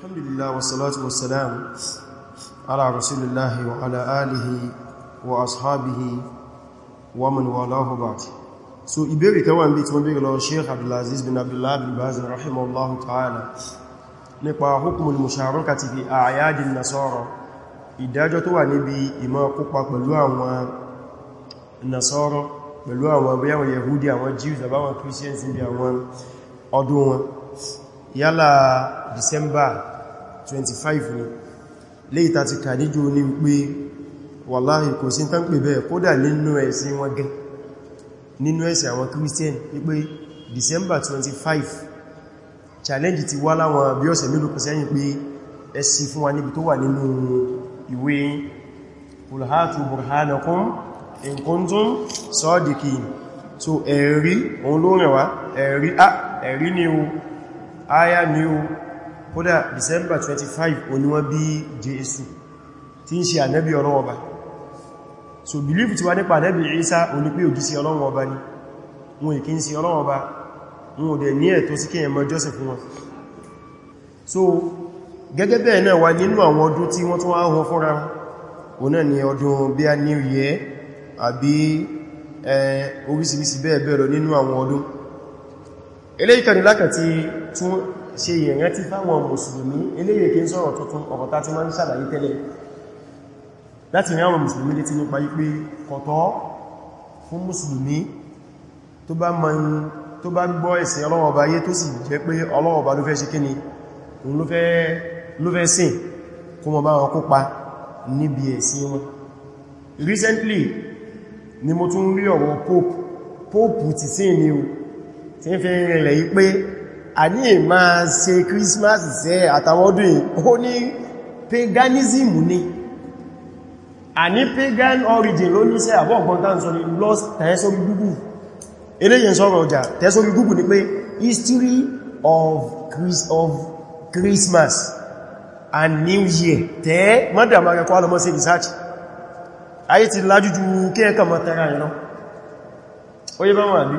alhamdulillah wasalatu wasalam ala rasulillahi wa ala alihi wa ashabihi wa man walahu ba'd so ìbéèrè ta wan bi tí wọ́n béèrè lọ sheikh abdul aziz bin abdullah bin baz rahimahullahu ta'ala nípa hukmul musharakati fi a'yadin nasara ìdájọ́ tó wà níbi ìmọ̀ kópa pẹ̀lú àwọn nasara pẹ̀lú àwọn bí àwọn yahudi àwọn jews àbáwọn christians bí àwọn ọdún wọn yálà december 25 ni léyìí tàti kàdíjò ní wípé wàláhì kò sí tán pè bẹ́ẹ̀ kódà nínú ẹ̀sìn wọn gan nínú ẹ̀sìn àwọn Christian wípé December 25 challenge ti wá láwọn bí ọ̀sẹ̀ mélòó kan sẹ́yìn pé ẹ̀sìn fún wa níbi tó wà nínú ìwé qul hatu burhanakum in kuntum sadiqin so ẹ̀rí òun ló rẹ̀ wá ah, ẹ̀rí ni o aya ni o kódà December 25 òní wọ́n bí Jésù tí ń ṣe ànẹ́bí ọlọ́wọ́ bá so believe ti wá nípa ànẹ́bí Ìsá òní pé òjísí ọlọ́wọ́ bá ní wọn ìkí ń sí ọlọ́wọ́ bá wọn ò dẹ̀ ní ẹ̀tọ́ sí kíyàn mọ́ Joseph wọn so gẹ́gẹ́ bẹ́ẹ̀ náà wà nínú àwọn ọdún tí wọ́n tún wá hàn fúnra òun náà ni ọdún bí a new year àbí orísìírísìí bẹ́ẹ̀ bẹ́ẹ̀ lọ nínú àwọn ọdún eléyìí kan ní lákàtí tún ṣe ìrántí fáwọn mùsùlùmí eléyè kí ń tuntun ọ̀rọ̀ tá ti ń ṣàlàyé tẹ́lẹ̀ láti rí àwọn mùsùlùmí létí nípa wípé kọ̀tọ́ fún mùsùlùmí tó bá gbọ́ ẹ̀sìn ọlọ́wọ̀ba yé tó sì jẹ́ pé ọlọ́wọ̀ba ló fẹ́ a ní èmá ṣe Christmas ṣe àtàwọn ọdún ó ní paganism ní a pagan origin ló ní sẹ́ àbọ̀ ọ̀gbọ̀n tán sọ lost tẹ́sórí Google eléyìn sọ́rọ̀ ọjà tẹ́sórí Google ni pé history of, Chris, of Christmas and New Year tẹ́ mọ́dàmà rẹ̀ kọ́ alọ́mọ́ sí research ayé ti lájújú kí ẹ̀kà mọ́ tẹ́ra ẹ̀rọ ó yẹ bá wà ní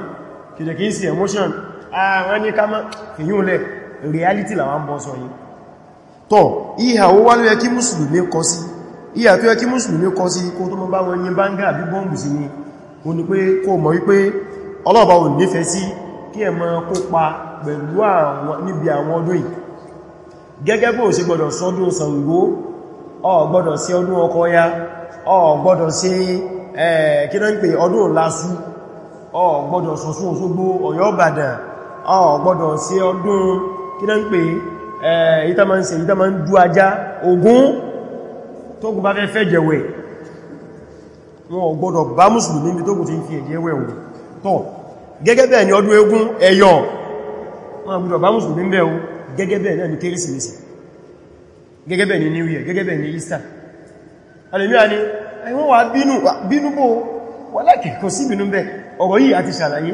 kìdẹ̀kì sí emotion àwọn ah, ní ká máa fìyún lẹ̀ reality làwọn ń bọ́ sọ yìí tọ́ ìhà ó wá ló yẹ kí mùsùlùmí kọ sí ìhà tó yẹ kí mùsùlùmí kọ sí kó tó mọ́ bá wọn yìn báńgá àbí bọ́ǹbù sí ni ó ní pé kó mọ̀ wípé ọlọ́ọ̀bá ò nífẹ̀ẹ́ sí kí ẹ máa kópa pẹ̀lú àwọn níbi àwọn ọdún yìí gẹ́gẹ́ bó ṣe gbọ́dọ̀ eh, Òṣogbo Ọ̀yọ́ Ìbàdàn ọ̀ gbọ́dọ̀ sí ọdún kí náà ń pè ìta ma ń ṣe ìta ma ń dú ajá Ògún tó kù bá fẹ́ fẹ́ jẹ̀wẹ̀ wọn ò gbọ́dọ̀ bá mùsùlùmí bí tó kù ti ń fi ẹ̀jẹ̀ wẹ̀ òun tọ́ gẹ́gẹ́ bẹ́ẹ̀ ni ọdún eégún ẹ̀yọ̀ wọn gbọ́dọ̀ bá mùsùlùmí bẹ́ẹ̀ o gẹ́gẹ́ bẹ́ẹ̀ náà ni kérésìmesì gẹ́gẹ́ bẹ́ẹ̀ ni new year gẹ́gẹ́ bẹ́ẹ̀ ni easter alèmíà ni ẹ̀wọ́n wà bínú bínú bó wọ́n lákẹ̀ẹ́ kò sí bínú bẹ́ẹ̀ ọ̀rọ̀ yìí àti ṣàlàyé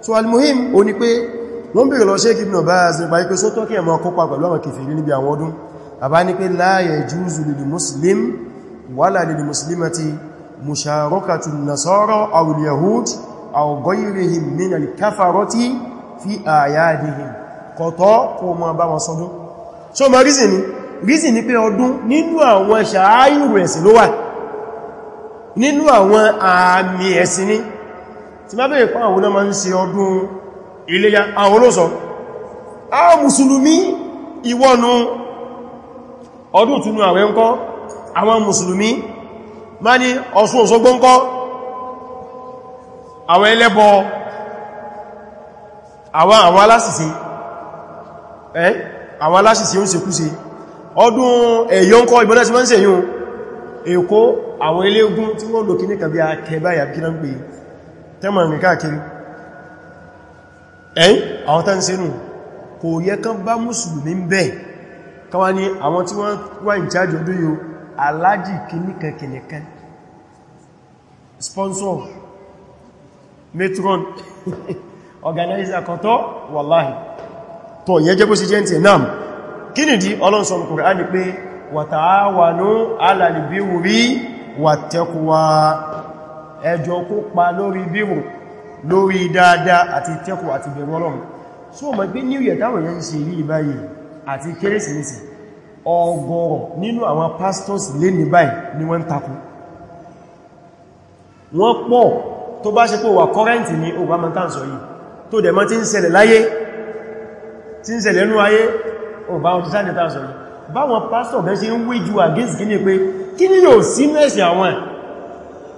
so almuhim ó ní pé wọ́n bèèrè lọ Sheikh Ibn Baz nípa ipé sótọ́ kí ẹmọ kópa pẹ̀lú àwọn kèfèrí níbi àwọn ọdún àbá ní pé la yajuzu lil muslim wala lil muslimati musharakatu nasara aw al yahud aw ghayrihim min al kafarati fi ayadihim kọ̀tọ́ kó mọ́ bá wọn sọdún so ma reason ni reason ni pé ọdún nínú àwọn ṣàáyù ẹ̀sìn ló wà nínú àwọn àmì ẹ̀sìn ni tí má bèèrè pa àwọn ọmọ ń ṣe ọdún iléyá àwọn olóòsọ a mùsùlùmí ìwọ́nu ọdún túnú àwẹ̀ ń kọ́ àwọn mùsùlùmí má ní Ọ̀ṣun Òṣogbo ń kọ́ àwọn ẹlẹ́bọ àwọn àwọn aláṣìṣe ẹ́ àwọn aláṣìṣe ń ṣe kúṣe ọdún ẹ̀yọ́ ń kọ́ ìbọ́nà tẹ́mọ̀ rìn káàkiri ẹ̀yìn àwọn tán sínú kò yẹ kán bá mùsùlùmí ń bẹ̀ káwà ní àwọn tí wọ́n wà ní chájì ọdún yóò alájì kìníkan sponsor metron, organizer kan tọ́ wàláhì tọ́ yẹ jẹ́ bó sí jẹ́ ǹtẹ̀ náà kí nìdí ọlọ́nsọ̀rọ̀ Kùránì wa ta'awanu ẹjọ́ kópa lórí bírò lórí dáadáa àti tẹ́kù àti bẹ̀rù Ọlọ́run so mọ̀ pé new year táwọn èèyàn ṣe rí báyìí àti kérésìmesì ọgọ́rọ̀ nínú àwọn pastors lé ní báyìí ni wọ́n ń takú wọ́n pọ̀ tó bá ṣe pé wà kọ́rẹ́ntì ní obamakan sọ yìí tó dẹ̀ mọ́ tí ń ṣẹlẹ̀ láyé tí ń ṣẹlẹ̀ nú ayé obamakan sọ yìí báwọn pastor bẹ́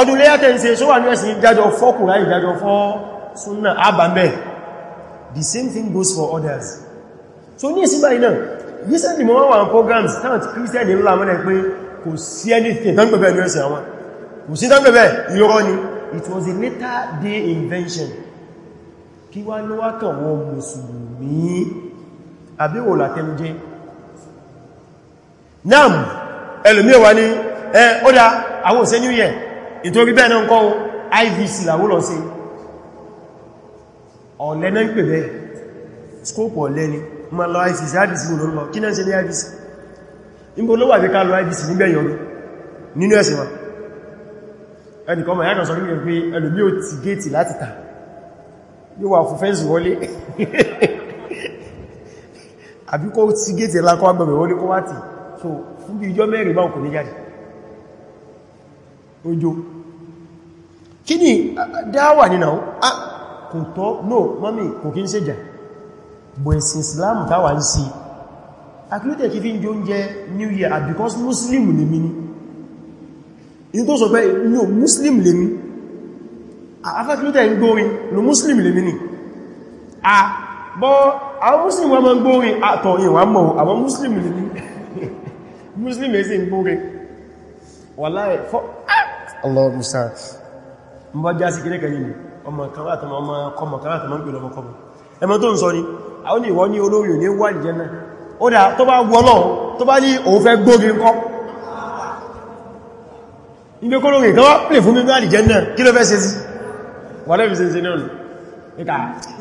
ọdún léyà tẹ́ ń ṣe ṣó wà ní ẹ̀sìn ìdájọ́ fọ́ kùrá ìdájọ́ fọ́ súnnà àbàmẹ́ the same thing goes for others so ní ìsinmi àìnà recently mo wà programs tant christian ní ńlá mọ́lẹ̀ pé kò sí anything tán gbẹ̀bẹ̀ ní ẹ̀sìn àwọn kò sí tán gbẹ̀bẹ̀ irọ́ ni it was a later day invention kí wá ní wá kàn wọ mùsùlùmí àbíwò látẹ́mjẹ́ náà ẹlòmíẹ̀wá ní ẹ̀ ó dá àwọn òṣèlú yẹ̀ nítorí bẹ́ẹ̀ náà kọ́ ivc làwó lọ sí ọ̀lẹ́ náà pè bẹ́ẹ̀ scope ọ̀lẹ́ ni ma lọ ivc ivc ló lọ kí náà sí ní ivc níbo ló wà ká lọ ivc nígbẹ̀yìn wa ẹnìkan ma yàtọ̀ sọ nígbẹ̀ pé ẹlòmí ò ti géètì láti tà yóò wà fún fẹ́ǹsì wọlé àbí kó ti géètì lákọ́ agbẹ̀mẹ̀ so fún bí ijọ́ mẹ́rin báwọn ojo kí ni dáwà nínà ó a kò tọ́ no mọ́mí kò kí ń ṣe jà bọ̀ẹ̀sì islam táwà ń sí akílótẹ̀ kí fi ń jẹ oúnjẹ new year and ah, because muslim lè mi ní in tó sọ pé no muslim lè mi afẹ́kílótẹ̀ ń gbórin no muslim lè mi ní a bọ́ àwọn muslim wọ́n mọ́ ń gbórin àtọ̀ ìwà mọ̀ àwọn muslim lè mi muslim lè sí ń gbórin ah! Allah musa ń bọ́ já sí kéré kẹyìn ni ọmọ kan láti ma ọmọ kọmọ kan láti ma ń pè lọmọ kọmọ ẹmọ tó ń sọ ni àwọn ni ìwọ ní olórí ò ní wà ní jẹ́nà ó dà tó bá wọ́ lọ tó bá ní òun fẹ́ gbógi ń kọ́ ibi kó lórí kan wá pè fún mi ní jẹ́nà kí ló fẹ́ ṣe sí wà lẹ́bí ṣe náà nù níka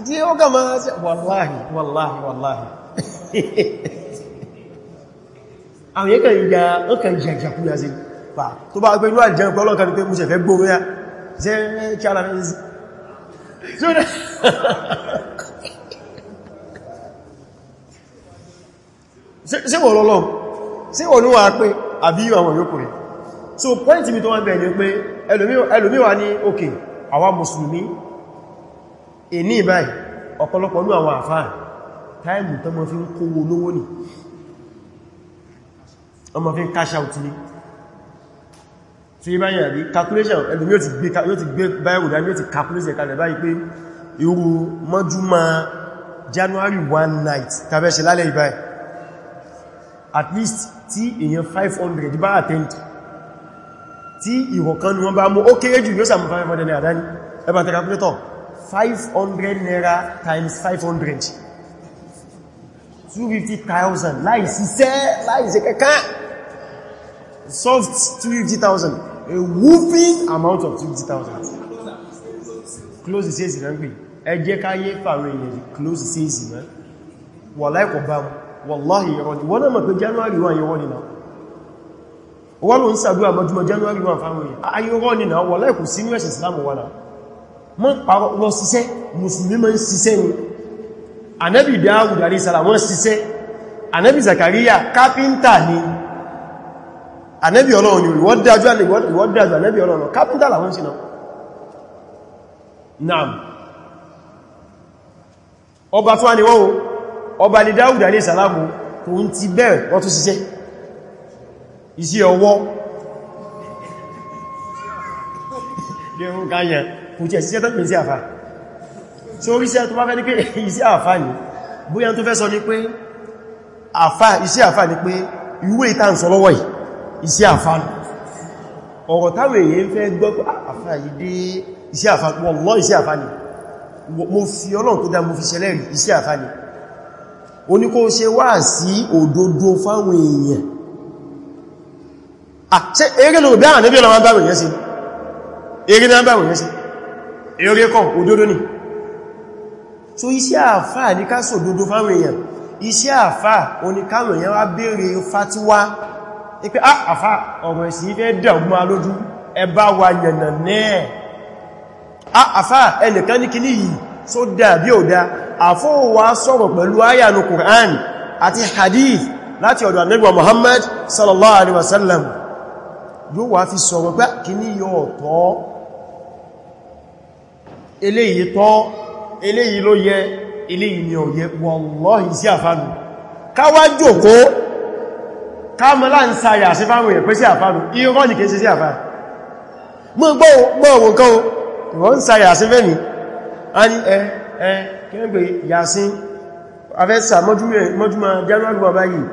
tí ó kà máa ṣe wàláhì wàláhì wàláhì àwọn yẹ́kàn ìjà ọkàn ìjà ìjà kúyà sí pa tó bá gbé inú àjẹ́ ọlọ́kan ní pé mú ṣẹ̀fẹ́ gbóòrò sai kyara ne su ne sí wọ́n lọ́lọ́ sí wọ́n lówà pé àbí àwọn yóò kùnrin so point mi tó wọ́n bẹ̀rẹ̀ pé ẹlòmíwà ní òkè àwa mùsùlùmí èní ìbáyìí ọ̀pọ̀lọpọ̀ ní àwọn àfáà táìmù tó mọ́ fi ń kówó lówó ní ọmọ fi ń cash out ni tí bá yẹ̀ rí calculation ẹlùmí yóò ti gbé báyẹ̀wò dáa yóò ti calculation kalẹ̀ báyìí pé irú mọ́júmọ́ January one night tàbẹ́ṣe lálẹ́ ìbáyìí at least tí èyàn 500 bá attend tí ìwọ̀kan ni wọ́n bá mú ó kéré jù yóò sàmù 500 naira dání ẹbà tẹ calculator 500 naira times 500 250,000 láìsí sẹ́ láìsí kẹ́kẹ́ soft 250,000 a whooping amount of 20,000 close the èsì rẹ̀ ń pè ẹ jẹ́ káyé fàwọn close the èsì mẹ́ wà láìkọ̀ bá wàláhì ìrọ̀ ni wọ́n náà mọ̀ pé January 1 yíwọ́ nìna wọ́n ló ń sàdúrà mọ́júmọ́ January 1 fáwọn èèyàn ayíwọ́ ah, nìna wà láìkù sínú ẹ̀sìn Islam wà náà mọ́ pàrọ̀ lọ ṣiṣẹ́ mùsùlùmí mọ́ ṣiṣẹ́ ni Ànábì Dáwùd àrí sàlà wọ́n ṣiṣẹ́ Ànábì Zakariya kápíntà ni ànẹ́bì ọlọ́run ni wọ́n dájú ànẹ́bì ọlọ́run kápítà làwọn sí náà naam ọba tó wá ní wọ́wọ́ ọba ní dáúdà ní ìsàlámù kò ń ti bẹ́ẹ̀ wọ́n tó ṣiṣẹ́ iṣẹ́ ọwọ́ lẹ́rún káyà kò tí ẹ̀ṣiṣẹ́ tó pín sí àfà tí ó ríṣẹ́ tó bá fẹ́ ní pé iṣẹ́ àfà ní bóyá tó fẹ́ sọ ní pé iṣẹ́ àfà ní pé ìwé ìtàǹsọ lọ́wọ́ yìí iṣẹ́ àfánù ọ̀rọ̀ táwọn èèyàn fẹ́ gbọ́ pé ah, àfá ìdí iṣẹ́ àfánù wọ́n iṣẹ́ àfánù mo fi ọlọ́run tó dá mo fi ṣẹlẹ̀ rí iṣẹ́ àfánù o ní kó ṣe wá sí òdodo fáwọn èèyàn àṣẹ ah, eré ló bí àwọn ẹbíọ́lọ́wọ́ bá wèyàn sí eré náà bá wèyàn sí eré kan òdodo ni so iṣẹ́ àfá ní ká sòdodo fáwọn èèyàn iṣẹ́ àfá oníkáwọn èèyàn wá béèrè fatiwa ipé ah, àfá ọ̀rọ̀ ẹ̀sìn ìfẹ́ dẹ̀gbùn alójú ẹbá wa yẹ̀nà náà ah, àfá ẹnìkan ní kìí yìí só dàbí òdá àfóòwà sọ̀rọ̀ pẹ̀lú ayànú Qur'an àti hadith láti ọ̀dọ̀ Ànábì Muhammad sallallahu alaihi wasallam káàmọ́lá ń sáyà sí fáwọn èèyàn pé sí àfáànù irọ́ ní kìí sí sí àfáà mú gbọ́ọ̀wò kan wọ́n ń sáyà sí fẹ́mi a ní ẹ ẹ kẹ́gbẹ̀ yàsín afẹ́sà mọ́júmọ́ january bàbá yìí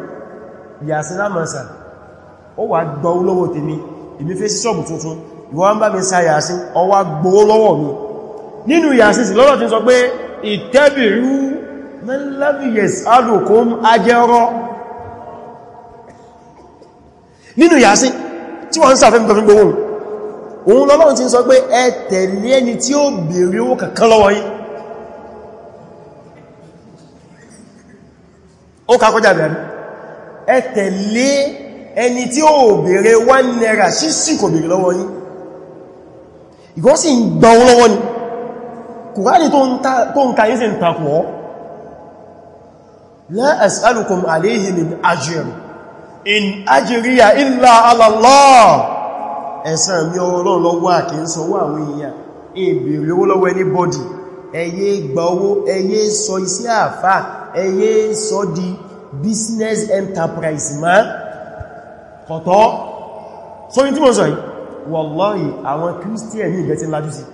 yàsín lámàsà ó wà gbọ́ lọ́wọ́ tèmi èmi fẹ́ sí sọ́ọ̀bù tuntun ìwọ́n bá mi sáyà sí ọwá gbowó lọ́wọ́ mi nínú yàásí tí wọ́n ń sàfẹ́ mẹ́fẹ́ gbogbo òun lọ́lọ́run ti sọ pé ẹ tẹ̀lé ẹni tí ó bèèrè owó kankan lọ́wọ́ yín ó kakọjá bẹ̀rẹ̀ ẹ tẹ̀lé ẹni tí ó bèèrè wọ́n náírà sísì kò bèèrè lọ́wọ́ yín ìgbọ́n sì ń gbà lọ́wọ́ ni kùránì tó ń kayí sí ń takùọ́ la as'alukum alayhi min ajr in ajiriya illa ala Allah ẹ̀san mi ọlọ́run ló wà kí n sọ wà àwọn èèyàn ìbèrè owó lọ́wọ́ ẹni bọ́dì ẹyẹ gba owó ẹyẹ sọ iṣẹ́ àfà ẹyẹ sọ di business enterprise ma kọ̀tọ́ sọ́yìn tí mo sọ yìí wallahi àwọn Christian ní ìgbẹ̀tí lájú sí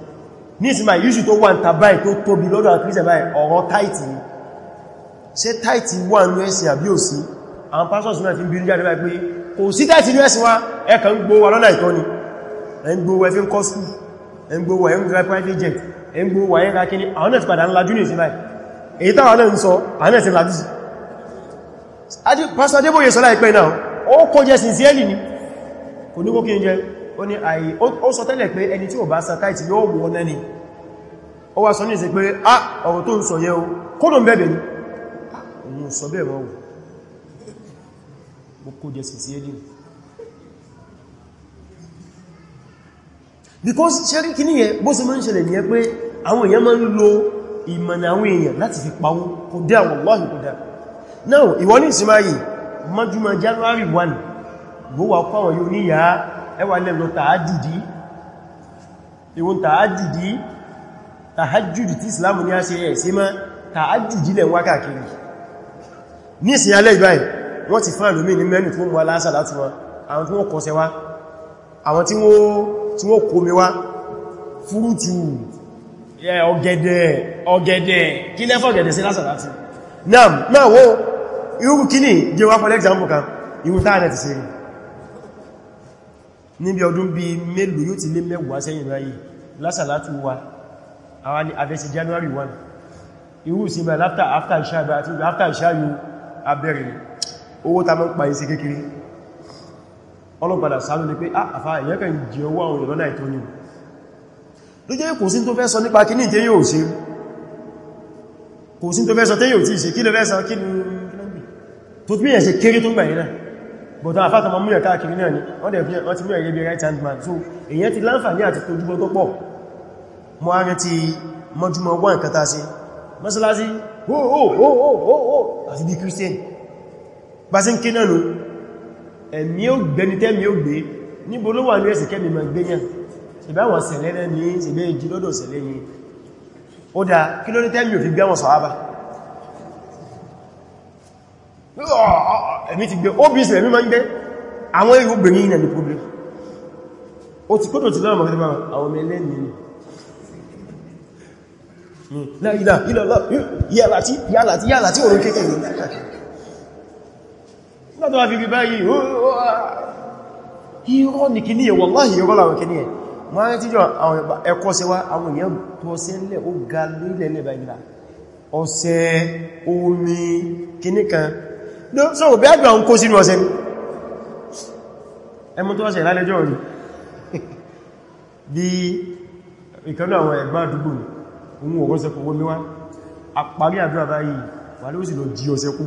ní ìsinmi yíṣù tó wà ń tàbáì tó tóbi lọ́dọ̀ àwọn Christian báyìí ọ̀rọ̀ táìtì ṣe táìtì wà ní ẹ̀sìn àbí òsìn àwọn pastors náà fi ń bínú jáde wáyé pé kò sí tẹ́sì ní ẹ̀sìn wa ẹ̀kà ń gbówà lọ́nà ìtọ́ ni ẹ̀ ń gbówà ẹ̀fí ń kọ́ jet ẹ̀ ń gbówà ẹ̀ ń ra kíní àwọn náà ti padà ńlá júnìyàn sí báyìí èyí táwọn náà ń sọ àwọn náà ti lájú sí pásítọ̀ Adébóyè sọ láìpẹ́ náà ó kó jẹ sincerely ni kò ní kókí jẹ ó ní àyè ó sọ tẹ́lẹ̀ pé ẹni tí ò bá ah o kó ló ń bẹ̀bẹ̀ ni ah, òun sọ bẹ́ẹ̀ mọ́ kó jẹ sí sí ẹni because ṣẹ́rí kí níyẹ bó ṣe máa ń ṣẹlẹ̀ nìyẹn pé àwọn èèyàn máa ń lo ìmọ̀nà àwọn èèyàn láti fi pawó kò dá wallahi kò dá now ìwọ ní ìsinmá yìí mọ́júmọ́ January 1 bó wà kọ́ àwọn yóò níyà ẹwà lẹ́lọ tààjùdí ìwọ̀n tààjùdí tààjùdí tí Islam ní a ṣe ẹ̀ sí mọ́ tààjùdí lẹ̀ wákàkiri ní ìsìn alẹ́ ìbáyìí wọ́n ti fún àlùmí ní mẹ́nu tí wọ́n mú aláṣà láti wọn àwọn tí wọ́n kọ́ sẹwá àwọn tí wọ́n kó mi wá fúrútù ọ̀gẹ̀dẹ̀ ọ̀gẹ̀dẹ̀ kí lẹ́fọ́ ọ̀gẹ̀dẹ̀ sí láṣà láti náà náà wó irú kíní jẹ́ wá for example kan irú táàrẹ̀ ti sẹ́yìn níbi ọdún bí mélòó yóò ti lé mẹ́wàá sẹ́yìn ráyì láṣà láti wa àwọn ni àfẹ́sì January 1 irú sí mẹ́ after ìṣáyù abẹ́rẹ̀ owó ta mọ́ pa isi kékeré ọlọ́gbàdà sáàlú ní pé ah, àfà ìyẹ́kẹ̀ jẹ owó àwọn ìrọ̀lá ìtọ́ ní ló jẹ́ kò sí tó fẹ́ sọ nípa kí ní tẹ́yẹ̀ ò sí kò sí tó fẹ́ sọ tẹ́yẹ̀ ò tí ìṣe kí lè fẹ́ sọ kí ní tó bí ẹ̀ ṣe kéré tó gbà ìrìnà bọ̀tọ̀ àfáta ma múyẹ̀ káàkiri náà ni wọ́n dẹ̀ fi wọ́n ti múyẹ̀ gẹ́gẹ́ right hand man so èyàn ti láǹfààní àti tójúbọ́ tó pọ̀ mọ́ arin ti mọ́júmọ́ wọ́n kẹta sí mọ́sálásí ó ó ó ó ó àti bí Christian bá sí ń kí náà nù ẹ̀mí ó gbé ní tẹ́mí ó gbé níbo ló wà ní ẹ̀sì kẹ́mì ma gbé yàn ìbáwọn sẹ̀lẹ̀ náà ní ìsìnlẹ̀ ìjì lọ́dọ̀ sẹ̀lẹ̀ yìí ó dá kí ló ní tẹ́mí ò fi gbé wọn sọ̀hábà ẹ̀mí ti gbé ó bí ìsìnlẹ̀ mímọ́ ń gbé àwọn ihò gbé yìí nàní problem ó ti kótó ti lọ́rọ̀ mọ̀ fẹ́fẹ́ àwọn ọmọ ẹlẹ́ni ni hmm, láìlà ìlọ́lọ́ yálà tí yálà tí yálà tí òun kéèkéè látọ́ wá fi bí báyìí irọ́ ní kìí yẹ wallahi irọ́ láwọn kìí yẹ wọ́n rẹ̀ tíjọ àwọn ẹ̀kọ́ sí wá àwọn èèyàn tó ọsẹ́ lẹ́ ó ga lórílẹ̀ lẹ́bà ìgbà ọsẹ omi kìí kan sọ́rọ̀ bí àgbà ń kó sínú ọsẹ ẹmú tó ọsẹ lálẹ́jọ́ rí báyìí wà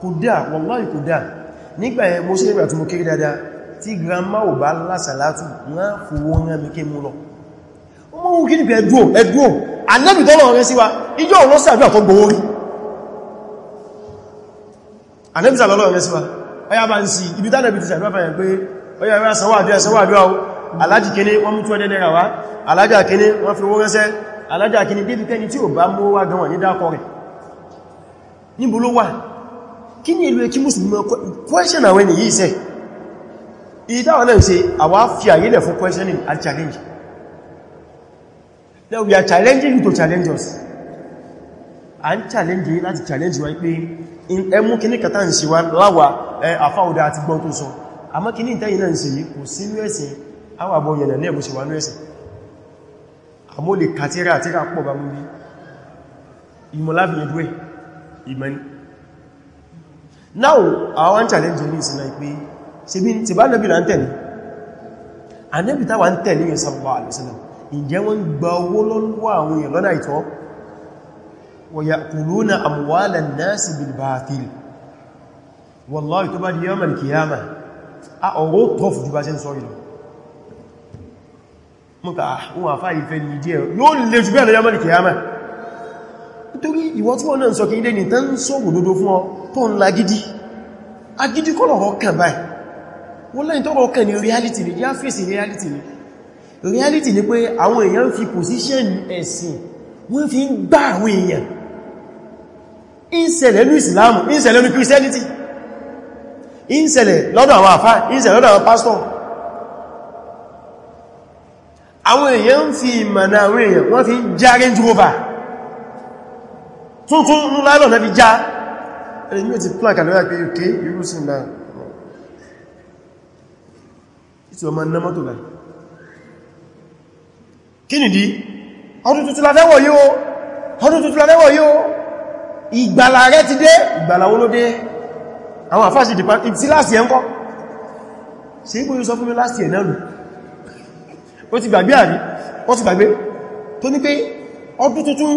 kò dáa wallahi kò dáa nígbà yẹn mo ṣe nígbà tí mo kéré dáadáa tí grandma ò bá lásàlátù wọ́n fòwò rán mi kí mú lọ ọmọ òun kí ní pé ẹdùn ẹdùn ànábì tọ́lọ̀ rẹ sí wa ìjọ òun sí àbíwà tó gbowó rí ànábì sàbẹ̀lọ́ rẹ sí wa ọya bá ń sí ibi tánàbì ti sàbẹ̀lọ́ fẹ́ pé ọya rẹ sanwó àdúyà sanwó àdúyà alájì kíní wọ́n mú 200 naira wá alájà kíní wọ́n fi owó rẹ́sẹ́ alájà kíní débi kẹ́ni tí ò bá mú wá gan wọ̀n ní dákọ̀ rẹ̀ níbo ló wà kí ní ìlú ekí musulmi question àwọn ènìyàn yìí sẹ́ ìdáwọn náà ṣe àwa fi àyílẹ̀ fún questioning and challenge now we are challenging you to challenge us a ń challenge yìí láti challenge wa pé ẹmú kí ní kàtà ń ṣe wá láwà àfáwọ̀dá àti gbọ́n tó sọ àmọ́ kí ní ìtẹ́yìn náà ń ṣe yìí kò ìmọ̀ni now àwọn challenge ní ìsinmi pé ṣe bí ti bá nẹ́bí là ń tẹ̀lé anẹ́bí tàwà ń tẹ̀lé yẹn sallallahu alaihi wasallam ìjẹ́ wọ́n gba owó lọ́wọ́ àwọn èèyàn lọ́nà ìtọ́ wa ya'kuluna amwalan nasi bil batil wallahi tó bá di yawmal qiyamah a ọ̀rọ̀ tọ́fù jù bá ṣe ń sọ ìlú mọ́ta ah, àwọn àfáà ìfẹ́ ní díẹ̀ yóò lè jù bẹ́ẹ̀ lọ yawmal qiyamah torí ìwọ tí wọ́n náà sọ kí ilé ní tán sọ́gbò dodo fún ọ tó ń lagidi agidi kọ́ lọ̀rọ̀ kàn báyìí wọ́n lẹ́yìn tọ́rọ kàn ní reality ni yá fèsì reality ni reality ni pé àwọn èèyàn fi position ẹ̀sìn wọ́n fi ń gbá àwọn èèyàn ìṣẹ̀lẹ̀ ní Islam ìṣẹ̀lẹ̀ ní Christianity ìṣẹ̀lẹ̀ lọ́dọ̀ àwọn àfá ìṣẹ̀lẹ̀ lọ́dọ̀ àwọn pastor àwọn èèyàn fi ìmọ̀nà àwọn èèyàn wọ́n fi ń já Range tuntun ń láìlọ̀ náà fi já ẹni yóò ti plan kàlọ́yà pé òkè irú sí náà ìtì ọmọ iná mọ́tò láì kí nìdí ọdún tuntun láfẹ́wọ̀ yóò ọdún tuntun láfẹ́wọ̀ yóò ìgbàlà rẹ ti dé ìgbàlà wó ló dé àwọn àfáàṣì ìtì láti ẹ̀ ń kọ́ ṣe ipò yóò sọ fún mi láti ẹ̀ náà lù ó ti gbàgbé àrí ó ti gbàgbé tó ní pé ọdún tuntun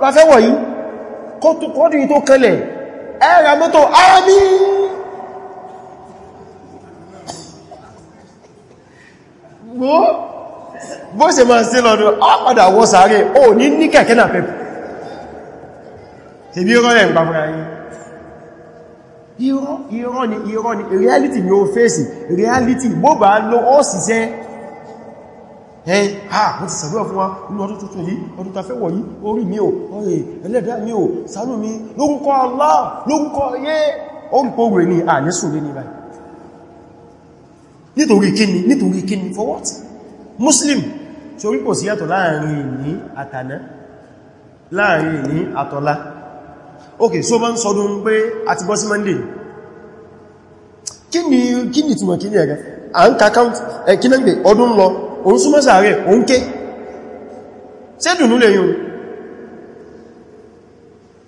rafẹ́wọ̀ yìí kó kọ́dù yìí tó kẹlẹ̀ ẹ̀rà mọ́tò àmì bó ṣe máa sí lọ́dún ọ́pàdà wọ́ sáré ò ní ní kẹ̀kẹ́ náà pẹ̀pù ṣe rọ́rẹ̀ ń pàfúra ni irọ́ ni reality ni ó reality bó bá lọ ó ẹ̀yìn ha wọ́n ti sàdúrà fún wa inú ọdún tuntun yìí ọdún tafẹ́ wọ̀ yìí orí mi ò ọ̀rẹ̀ ẹlẹ́dàá mi ò ṣàánú mi lórúkọ Allah lórúkọ yé orúkọ rẹ̀ ní àníṣùn lé ní báyìí nítorí kíni nítorí kíni for what Muslim tí orí kò sí yàtọ̀ láàrin ìní àtàná láàrin ìní àtọ̀lá ok so bá ń sọdún pé a ti bọ́ sí Monday kíni kíni túnmọ̀ kíni ẹ̀gá à ń ka count ẹ̀kínlẹ́gbẹ̀ ọdún lọ òun súnmọ́ sàárẹ̀ òun ké sẹ́dùnú lè yóò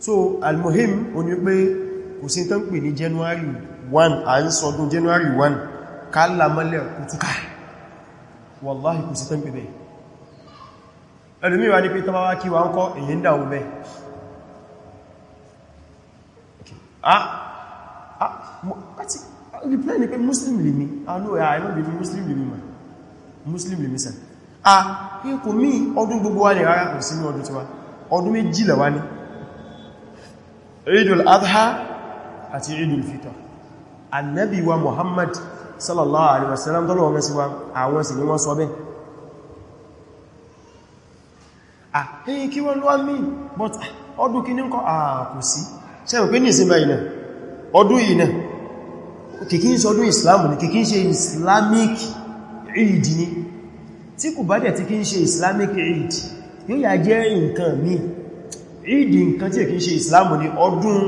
so almohim o ní pé kò sí tán pè ní January 1 à ń sọdún January 1 kálà mọ́lẹ̀ kùtùkà wallahi kò sí tán pè bẹ́ẹ̀ ẹlùmí wà ní pé tọ́bá wá kí wà ń kọ́ èyí ń dà bẹ́ẹ̀ ah ah reply ni pé Muslim lè mi ah no i am not Muslim lè mi ma muslim lè mísàn a ikú mí ọdún gbogbo wa ní rárá kò sínú ọdún tiwa ọdún méjìlá wá ní idul adha àti idul fitr annabi wa muhammad sallallahu alaihi wasallam tọ́lọ̀ wọn sí wa àwọn sì ni wọ́n sọ bẹ́ ah èyí kí wọ́n lọ́wọ́ mí but ah, ọdún kí ní ń kọ́ ààkù sí sẹ́wọ̀n pé ní ìsinmi ìnà ọdún ìnà kìkí ń sọ ọdún islam ní kìkí ń ṣe islamic eid ni tí kò bá dẹ̀ tí kí ń ṣe islamic eid yóò yà jẹ́ nǹkan míì eid nǹkan tí è kí ń ṣe islam ni ọdún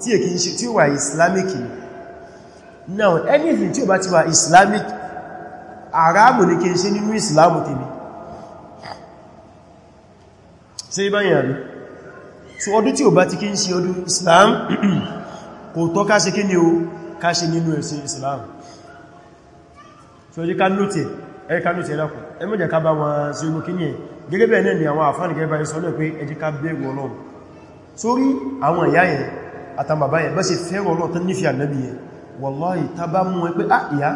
tí è kí ń ṣe tí ó wà islamic ni now anything tí ó bá ti wà islamic aramu ni kí ń ṣe nínú islam tèmi ṣe báyìí àbí so ọdún tí ó bá ti kí ń ṣe ọdún islam kò tọ́ ká ṣe kí ni ó ká ṣe nínú ẹ̀sìn islam so yí ká lótẹ̀ ẹ ká lótẹ̀ ẹlẹ́kù ẹ mẹ́jẹ̀ ká bá wọn sí inú kí ní ẹ̀ gẹ́gẹ́ bẹ́ẹ̀ náà ni àwọn àfáànìkẹ́ bá sọ náà pé ẹ jẹ́ ká bẹ̀rù Ọlọ́run sórí àwọn ìyá yẹn àtàbàbá yẹn bá ṣe fẹ́rọ Ọlọ́run tán nífẹ̀ẹ́ Ànábì yẹn wàláhì tá bá mú ẹ pé á ah, ìyá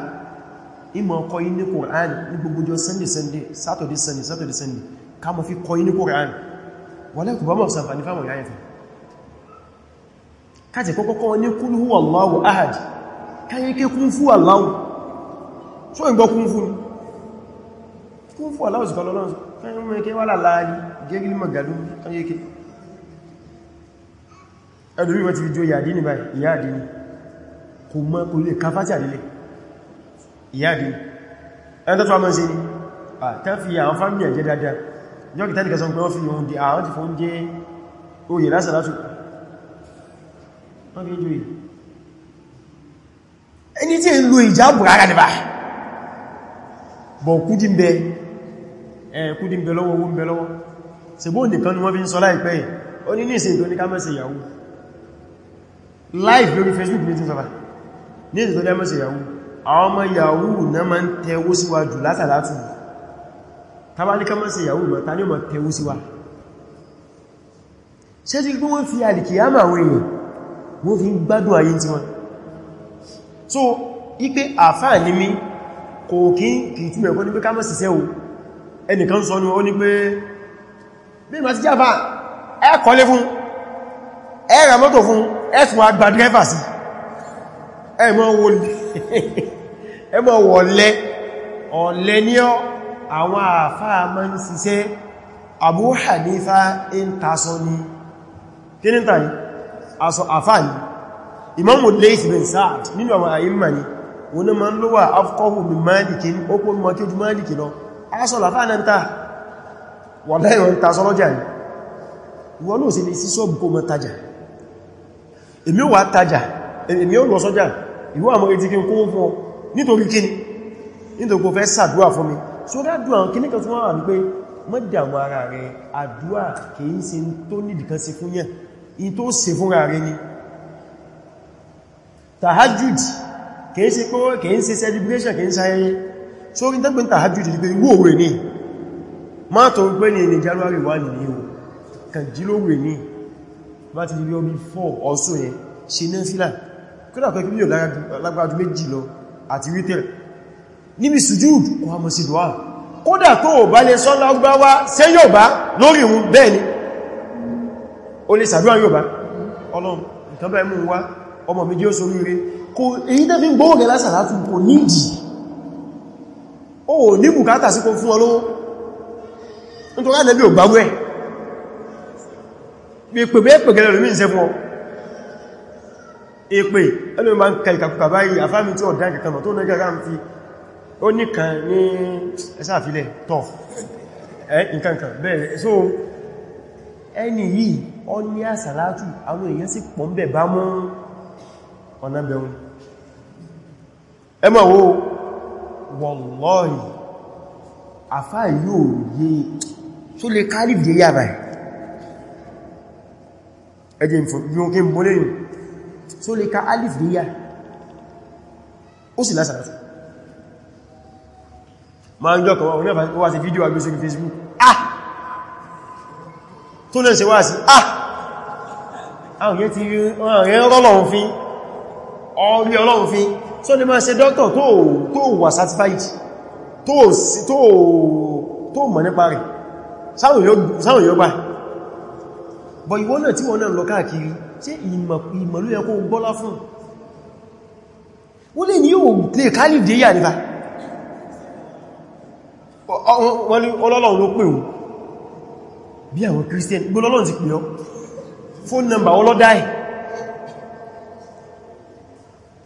ìmọ̀ ọkọ̀ yí ní Kùrán ní gbogbo Sunday Sunday Saturday Sunday ṣó ìgbọ́ kún fún kún fún aláwọ̀ ìsìnkọ́ lọ́nà kẹrin mẹ́kẹ́ wà láàárí gẹ́gẹ́ magalu tán yéke ẹ̀dùrí wọ́n ti fi jó ìyàdíní báyìí ìyàdíní kò mọ́ kò lè ká fátí àdílé ìyàdíní ẹni tó tó àmọ́ sí ni tán fi àwọn fámílì ẹ̀jẹ́ dáadáa yọ́kì tẹ́lẹ̀kẹ́ sọ pé wọ́n fi oúnjẹ àwọn ti fún jẹ́ oyè lásà látù wọ́n fi jó ìyà ẹni tí ń lo ìjábù rárá nìbáyìí bọ̀ kúdí ń bẹ kúdí ń bẹ lọ́wọ́ owó ń bẹ lọ́wọ́ ṣe bó nìkan ni wọ́n fi ń sọ láìpẹ́ yìí ó ní ní ìsìn ìdó ní ká má ṣe ìyàwó live lórí Facebook ní tún sọfà ní ìsìn tó dá má ṣe ìyàwó àwọn ọmọ ìyàwó náà máa ń tẹwó síwájú látàlátù tàbálíká má ṣe ìyàwó mọ̀ ta ní ọmọ tẹwó síwá ṣe ti gbọ́n fi alìkìyàmà àwọn èèyàn wọ́n fi ń gbádùn ayé tí wọ́n so ipe àfáà ní kò kí kìí túnmẹ̀ kó ní pé kámọ̀ síṣẹ́ o ẹnìkan sọ ní ó ní pé bí ma ti jáfà ẹ kọ́lé fún ẹ ra mọ́tò fún ẹ̀sùn àgbà drẹ́fà sí ẹ mọ́ wọlé ọ̀lẹ́ ní ọ àwọn àfáà mọ́ síṣẹ́ Abu Hanifa ń tasọ ní kí ní tàní àfáà ní Imamu Layth bin Sa'd nínú ni wọn ma ń ló wà afkọ́hù mi máàlìkì ó kó mọ́ kí ojú máàlìkì lọ asọ́lá fáà náà ta wà lẹ́yìn ta sọ́lọ́jà yìí wọ́n ló sì lè sí sọ́bù kó mọ́ tajà èmi ò wà tajà èmi ò lọ sọ́jà ìwọ́ àmọ́ etí kí n kówó fún ni tahajjud kìí sí pé kìí sí celebration kìí sáyẹyẹ sórí tẹ́gbẹ̀ ń tàájú jù pé wó òwe ní má tó ń pẹ́ ní ẹni January 1 ní o kàndínlówè ní bá ti rí ọmọ 4 ọ̀sọ̀ yẹn ṣe náà sílà kódà pẹ́ kí lágbàájú méjì lọ àti wítẹ̀ níbi sujúd kò a mọ̀ sí dùá kódà tó ò bá lè sọ lágbàáwá ṣe yóò bá lórí ìhun bẹ́ẹ̀ ni o lè sàdúrà yóò bá ọlọ́run nǹkan bá ẹmú wá ọmọ méjì ó sorí rẹ̀ kò èyí tẹ́ fi ń gbóògẹ lásàlátù kò nídì ó ní bùkátà sí kò fún ọlọ́wọ́ nítorí ànẹ́bí ò gbáwẹ́ ìpè bẹ́ pè gẹ́lẹ̀ lómi ìṣẹ́ fún ọ ìpè ẹlòmí bá ń ka ìkàkùkà báyìí àfáàmì tí ọ̀dá kankan tó nẹ́gẹ́gá ń fi ó nìkan ní ẹsàfilẹ̀ tọ́ ẹ̀ẹ́nkankan bẹ́ẹ̀ so ẹni yìí ọ ní àsàlátù àwọn èèyàn sì pọ̀ ń bẹ̀ bá mú ọ̀nà bẹ̀rún ẹ máa wo wallahi àfá yóò yé tó lè kálìf dé yàbá ẹ̀ ẹjẹ́ yóò kí n mọ́lé yìí tó lè ká alif dé yà ó sì lásàrátù ma ń jọ kọwàá oníwà wá sí fídíò agbésí Facebook ah tó lè ṣe wá sí ah àwọn yẹ́ ti rọ́lọ̀ òfin ọ̀rí ọlọ́run fi so ní máa ṣe doctor tó tó wà certified tó tó tó mọ̀ nípa rẹ̀ sáwọn yóò gbà bọ̀ ìwọ́n náà tí wọ́n náà lọ káàkiri ṣe ìmọ̀ ló yẹ kó gbọ́lá fún wọ́n lè ní yóò lè kálì dé yà nípa wọ́n ní ọlọ́lọ́run ló pè ó bí àwọn Christian gbọ́lọ́lọ́run ti pè ọ́ phone number ọlọ́dáì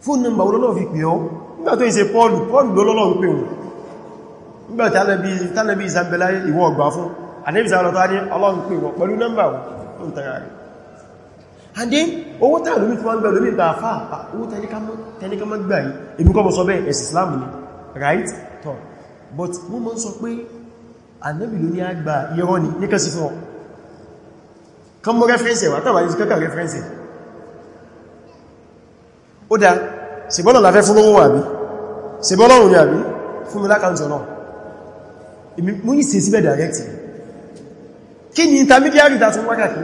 fóònù nọmbà olóòlò fi pè ọ́ nígbà tó ìse paul paul lọ́lọ́lọ́ ń pè wọn nígbà tánàbí ìsànbẹ̀lá ìwọ̀n ọgbà fún àníbìsà ọlọ́tọ́ ní ọlọ́run pè wọn pẹ̀lú nọmbà wọn ń tàrà rẹ̀ and then owó tàà lómi tí wọ́n gbẹ̀ lómi ìgbà àfáà owó tẹ́nikamọ́ gbà yìí èmi kọ́ mọ́ sọ bẹ́ẹ̀ ẹ̀sì Islam ni right tọ́ but mo mọ́ sọ pé ànábì ló ní àgbà irọ́ ni ní kẹsì fún ọ kan mọ́ rẹ́fẹ́nsẹ̀ wà tàbí kẹ́kẹ́ rẹ́fẹ́nsẹ̀ ó dá ṣèbọ́lọ̀ láfẹ́ fún lówó àbí ṣèbọ́lọ̀ òní àbí fún mi lákàntọ̀ náà mú yìí síbẹ̀ directly kí ni intermediary that ń wákàkì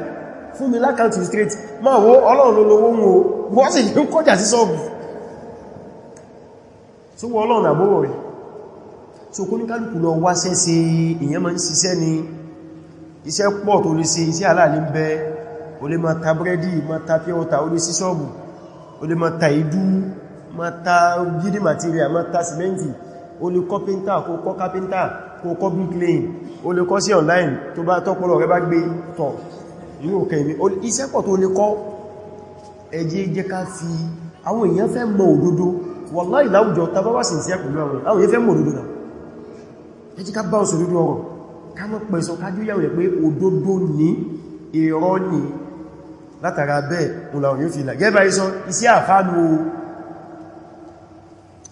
fún mi lákàntọ̀ straight ma wo ọlọ́run lówó mú wọ́n sì ní kọjá sí sọ́ọ̀bù tó wọ́ ọlọ́run àbúrò rẹ̀ ma ń ni iṣẹ́ pọ̀ tó lè ṣe iṣẹ́ aláàlẹ́ ń bẹ o lè ma ta o lè sí sọ́ọ̀bù o lè ma ta ìdú ma ta gidi material ma ta simenti o lè kọ́ píntà kó kọ́ kápíntà kó kọ́ bricklaying o lè kọ́ sí online tó bá tọ́pọ̀lọ rẹ bá gbé tọ̀ inú òkè mi iṣẹ́ pọ̀ tó lè kọ́ ẹjẹ́ jẹ́ ká fi àwọn èèyàn fẹ́ mọ̀ òdodo wàláì láwùjọ tàbáwà sí ìsẹ́ pẹ̀lú àwọn àwọn èèyàn fẹ́ mọ̀ òdodo náà ẹjí ká bá òsòdodo ọ̀rọ̀ ká mọ́ pẹ̀sọ ká jú yàwó rẹ̀ pé òdodo ní ìrọ́ látara bẹ́ẹ̀ òlàwọ̀n yóò fi ìlà gẹ́bà iṣọ́ iṣẹ́ àfáàlù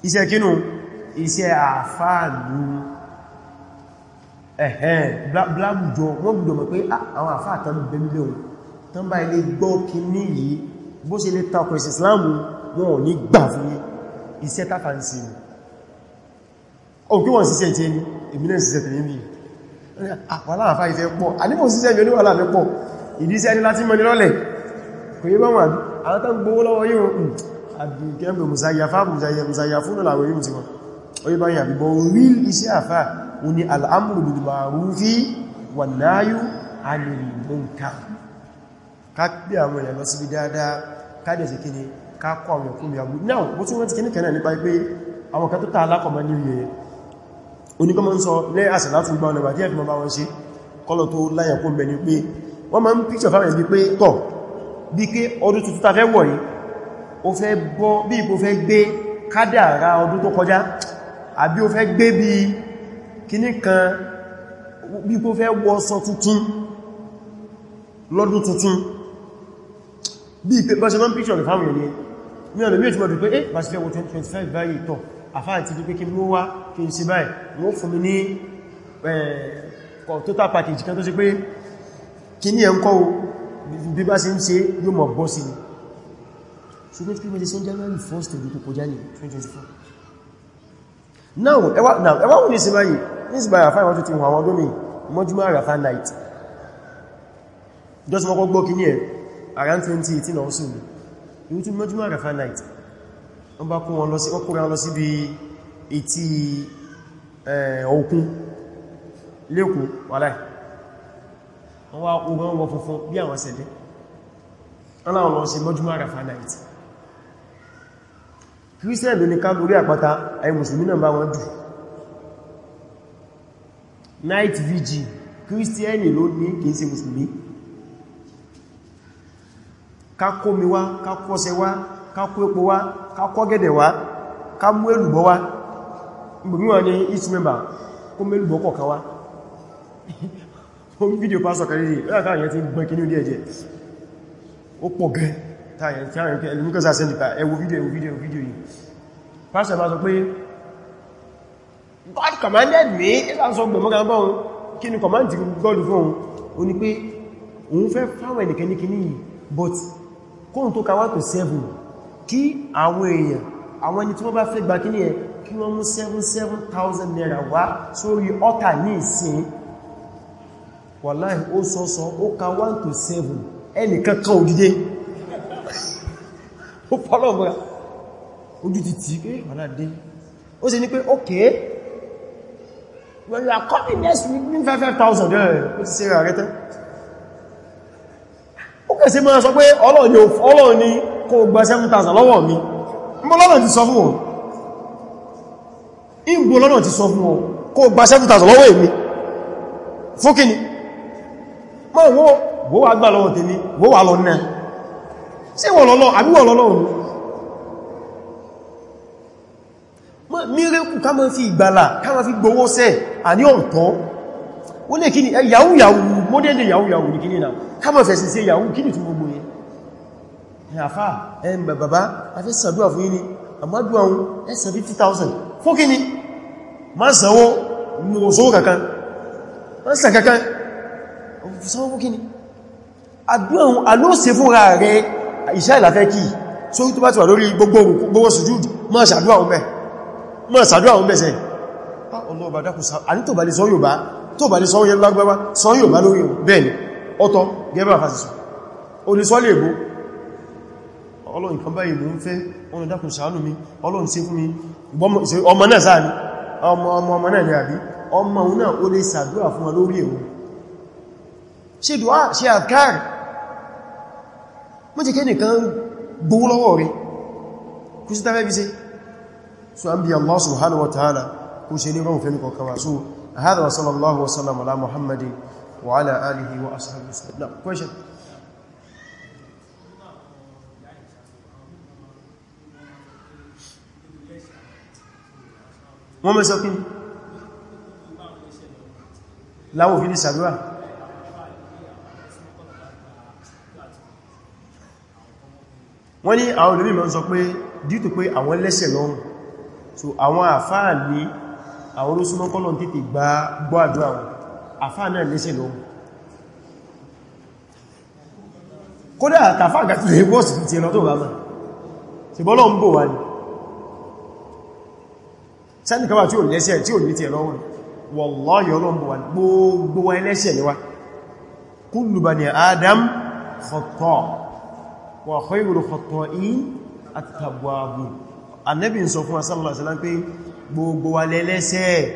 iṣẹ́ kínú iṣẹ́ àfáàlù ẹ̀hẹ́n blábùjọ wọ́n gbùdọ̀ mọ̀ pé ah, àwọn àfáà tán bẹ̀mílẹ̀ ohun tán bá ilé gbọ́ kíní yìí bó ṣe lè takọ̀ ìsìn islamu wọn ò ní gbà fún iṣẹ́ tàfàǹsì ni o kí wọ́n ṣiṣẹ́ jẹ́ ní ìmìnà ah, ṣiṣẹ́ láti mọ́ ní lọ́lẹ̀ kò yí báwọn àbí àwọn tán gbówó lọ́wọ́ yíò àbìkẹ́mbò mùsàyàfún láwọ̀ yíò tí wọ́n oyí báyìí àbíbọ̀ orí iṣẹ́ àfà oní al'amuru bil ma'rufi wan nahyu 'anil munkar ká pẹ́ àwọn èèyàn lọ sí bí dáadáa káàdẹ̀ sí kíni ká kọ́ àwọn ẹ̀kún mi àgbú náà bó tún wọ́n ti kíní kẹ́nà nípa pé àwọn kan tó ta alákọ̀ọ́mọ́ ní ìyẹ̀ oníkọ́mọ́ ń sọ lẹ́ àṣà láti gbá ọ̀nà bàtí ẹ̀fì mọ́ bá wọn ṣe kọ́lọ̀ tó láyẹ̀kún bẹ̀ ni pé wọ́n máa ń píṣọ̀ fáwọn ẹ̀bí pé tọ̀ bí ké ọdún tuntun ta fẹ́ wọ̀ o fẹ́ bọ́ bí ipò fẹ́ gbé kádàrá ọdún tó kọjá àbí o fẹ́ gbé bí kíní kan bí ipò fẹ́ wọṣọ tuntun lọ́dún tuntun bí ipò bá ṣe mọ́ píṣọ̀ rẹ̀ fáwọn ènìyàn mi ọ̀nà bí ìtumọ̀ dùpé eh bá ṣe fẹ́ wọ 2025 báyìí tọ̀ àfáà ti dúpé kí mú wá kí n sí báyìí wọ́n fún mi ní eh, total package kan tó ṣe pé ní ẹ̀ ń kọ́ bí bá ṣe ń ṣe yóò mọ̀ bọ́ sí ni ṣùgbọ́n tí mẹ́jẹ̀ sí January 1st èdè tó kọjá ní 2024 now ẹwà wọ́n ní sí báyìí ní sí báyìí àfáà wọ́n tó ti wọ́n àwọn ọdún mi mọ́júmọ́ àràfà night just mọ́kọ́ gbọ́ kìí ẹ̀ around 2018 ọ̀sùn ìwú tún mọ́júmọ́ àràfà night wọ́n bá kó wọn lọ sí ọkùnrin wọn lọ sí bí etí eh, òkun lẹ́kùn wàláì wọ́n wá ogun wọn funfun bí àwọn sẹ̀dẹ́ aláwọn lọ sí mọ́júmọ́ àràfà night christian ló ní ká àpáta ayé musulmi náà bá wọn dù night vigil christian ló ní kìí ṣe musulmi ká mi wá wá epo wá wá ká mú wá ó rí fídíò pásọ̀ kan nílé tí ń gbọ́n kí ní ilé ẹ̀jẹ̀ ó pọ̀ gẹ́ táyẹ̀ tí God commanded me ìlànsọ gbọ̀mọ́gá bá wọn kí ni command ti God fún òun ó ní pé òun but kóhun tó kawá seven kí àwọn èèyàn àwọn ẹni tí wọ́n bá fẹ́ gba kíní yẹn kí wọ́n mú 7,000 naira wá sórí ọ́tà ní ìsìn wàláhì ó sọ́sọ́ ó ka 1 to 7 ẹni kankan òdìdé ó pọ́lọ̀ mọ́ra ojú ti tí pé wàláàdé ó sì ní pé okay when you are coming next week ní 5,000 ẹ̀rẹ̀ ó ti ṣe rà rẹ̀ tẹ́ ó kẹsí máa sọ pé Ọlọ́run ni kò gba 7,000 lọ́wọ́ mi mọ́ lọ́nà ti sọ fún wọn ìgbò lọ́nà ti sọ mọ́ owó wó wà gbà lọ́wọ́ tèmi wó wà lọ náà sí wọ́n lọ́lọ́ àbí wọ́n lọ́lọ́ òun mírẹ́kù ká máa fi ìgbàlà ká máa fi gbowó sẹ́ àní ọ̀tọ́ ó lè kíni yahoo yahoo modern yahoo yahoo ní kíni náà ká máa fẹ̀sì sí yahoo kíni tún gbogbo yẹn ni àfá ẹn bàbá afẹ́ sàdúwà fún yíní àmọ́dúwà ohun ẹsẹ̀ 50,000 fún kíni máa sanwó mú òṣòwò kankan máa sàn kankan sanwó kí ni àdúrà alóòsè fúnra rẹ̀ iṣẹ́ ìlàfẹ́ kí so tó bá ti wà lórí gbogbo sùjúdù má ṣàdúrà ọmọ má ṣàdúrà ọmọ ẹsẹ̀ ọlọ́ọ̀bá dákù àní tó bá lè sọ Yorùbá tó bá lè sọ yẹn lágbàgbà sọ Yorùbá lórí bẹ́ẹ̀ni ọ̀tọ̀ gẹ́bà fásisọ olùsọ́lẹ̀ èbó ọlọ́run kan báyìí ló ń fẹ́ ọlọ́run dákùn ṣàánú mi ọlọ́run ṣe fún mi ọmọ náà sáà ni ọmọ náà ni àbí ọmọ náà ó lè ṣàdúrà fún wa lórí ẹ̀wọ̀n ṣe dùá ṣe àkáàrì mọ́ jẹ́ kẹ́ nìkan gbówó lọ́wọ́ rẹ̀ kú sí tàbí ṣe so an bí Allah subhanahu wa ta'ala kú ṣe ní rọrùn fẹ́ nìkan kọwa so a hada wa sallallahu wa sallam ala muhammadin wa ala alihi wa ashabi sallam wọ́n ní àwọn olómìnà sọ pé dìtò pé àwọn lẹ́sẹ̀ lọ́rùn so àwọn àfáà ní àwọn olóṣùmọ́kọ́lọ̀ títì gbá gbọ́àdó àwọn àfáà náà lẹ́sẹ̀ lọ́rùn kódà tàfáà gàtí lè bọ́ọ̀sì ti ẹ̀nà tó bá mọ́ sí gbogbo wa ẹlẹ́sẹ̀ ni wá kullu bani adam khata' wà khairu khatta'in at-tawwabun annabi sọ fún sallallahu alaihi wasallam pé gbogbo wa lẹ́lẹ́ṣẹ̀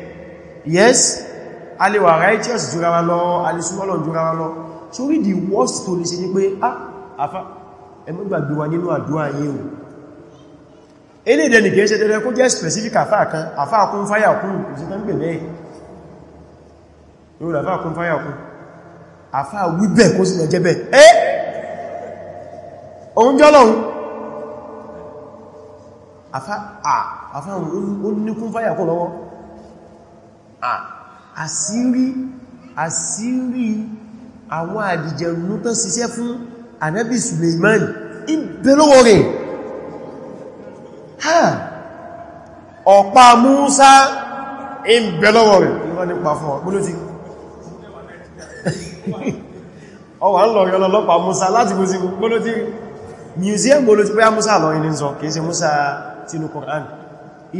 yes a lè righteous jura wa lọ a lè súnmọ́ Ọlọ́run jura wa the worst tó lè ṣe ni pé ah àfá ẹmọ́ gbàgbé wa nínú àdúrà yín o ilé ìdẹni kìí ṣe tẹ́rẹ kó jẹ́ specific àfáà kan àfáà kún fáyà kún ìsí tán gbẹ̀mẹ́ ìrò àfáà òun jọ́lọ́un àfáàrùn ó níkún fáyà kó lọ́wọ́ àṣírí àṣírí àwọn àdìjẹ̀rún tó ṣiṣẹ́ fún anábì Suleiman ìbẹ̀lọ́wọ́ rẹ̀ ha ọ̀pá Musa ìbẹ̀lọ́wọ́ rẹ̀ ìwọ́n nípa fún ọ̀pọ̀lọ́tí ọwà ń lọ yọ lọ́pàá Musa láti gbọ́sí gbọ́lọ́tí rí museum bolo ti pẹ́ musa lọ ilé sọ kìí ṣe musa tínú Qur'an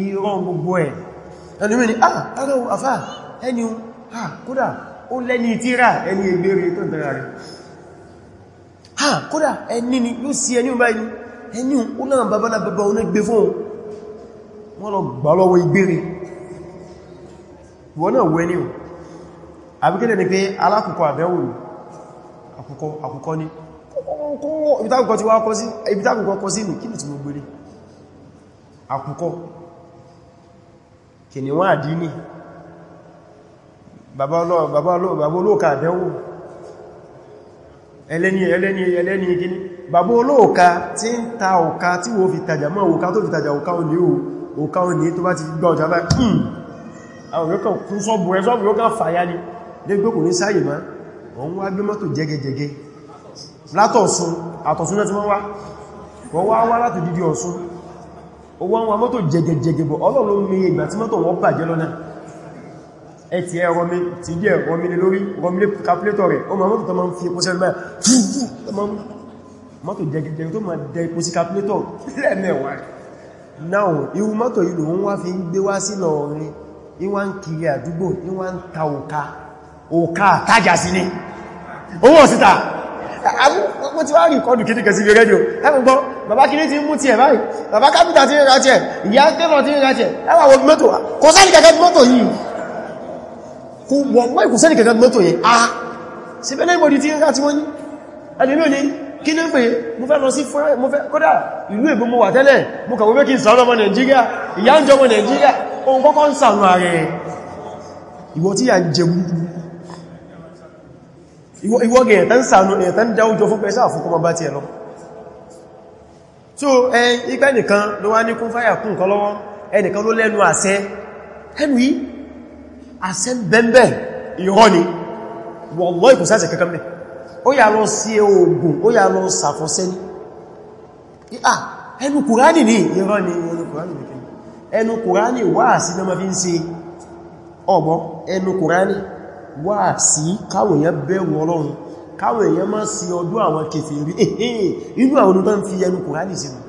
ìrọ̀ gbogbo ẹ̀ ẹlùmí ni ah ara afá ẹni ha ah, kódà ó lẹ́ni tíra ẹni ẹgbẹ̀rẹ̀ tó tẹ́ra rẹ̀ ha ah, kódà ẹni ni yóò sí o ọba ẹni ẹni ó náà babala baba o gbé fún wọn lọ gbà lọ́wọ́ ìgbẹ̀rẹ̀ wọ́n náà wẹ́ni àbíkẹ́lẹ̀ ni pé alákùnkọ àbẹ́wò àkùkọ ni ìbítàkùkọ ti wá kọ sí ìbítàkùkọ kọ sí ní kí ní ti gbogbo rí àkùkọ kìnìún àdínì bàbá olóòkà àdẹ́wò ẹlẹ́ni ẹlẹ́ni ẹlẹ́ni gíní bàbá olóòkà tí ń ta òkà tí wo fi tajà mọ́ òkà tó fi tajà òkà òní òkà òní tó bá ti gbá ọjà bá kún hmm. àwọn yóò kún sọ́bù ẹ sọ́bù yóò kàn fàyà ni dégbé kò ní sáyè má wọ́n wá gbé mọ́tò jẹ́gẹ́jẹ́gẹ́ látọ̀sún àtọ̀sún náà tí wọ́n wá wọ́n wá wá láti dídí Ọ̀ṣun ó wá wọn mọ́tò jẹgẹjẹgẹbọ̀ Ọlọ́run mi ìgbà tí mọ́tò wọ́n bàjẹ́ lọ́nà ẹ ti ẹ rọmi ti díẹ̀ rọmi lè lórí rọmi lè kàpílétọ̀ rẹ̀ o ma mọ́tò tó ma ń fi epo sẹ́lẹ̀ báyà mọ́tò jẹgẹjẹgẹ tó ma dẹ epo sí kàpílétọ̀ lẹ́mẹ̀wàá náà irú mọ́tò yìí lòun wá fi ń gbé wá sí lọ́rin ìwá ń kiri àdúgbò ìwá ń ta òka òka àtájà sí ni owó síta wọ́n ti wá rí kọ́dù kìdí kẹsí fi rẹ́díò ẹgbùgbọ́ bàbá kìdí ti mú ti ẹ̀ báyìí bàbá kápítà ti rírà tiẹ̀ ìyá tẹ́mọ̀ ti rírà tiẹ̀ ẹwà wọ́n mọ́tò kò sẹ́ni kẹ̀kẹ́ mọ́tò yìí kò wọ́n mọ́ ìkù sẹ́ni kẹ̀kẹ́ mọ́tò yìí ah ṣe bẹ́ẹ̀ mọ́dí ti rírà tí wọ́n ní ẹlẹ́mí òní kí ní pé mo fẹ́ lọ sí kódà ìlú ègbó mo wà tẹ́lẹ̀ mo kàwé pé kí n sàánà ọmọ Nàìjíríà ìyá ń jọ ọmọ Nàìjíríà ohun ìwọ́gẹ̀ ẹ̀tàn sànú ẹ̀tàn dáwùjọ fún pẹ́sà fún kọmọ bá ti ẹ̀lọ so ẹn ipẹ́ nìkan ló wá ní kún fáyà kún kọlọ́wọ́ ẹnìkan ló lẹ́nu àṣẹ ẹnu àṣẹ bẹ́ẹ̀bẹ́ ìrọ́ ni ìkùsáṣẹ̀ kankan wà sí káwọn èèyàn bẹ̀rù ọlọ́run káwọn èèyàn má sí ọdún àwọn kèfèrí inú àwọn olùtọ́ ń fi ẹnu kòránì sí mú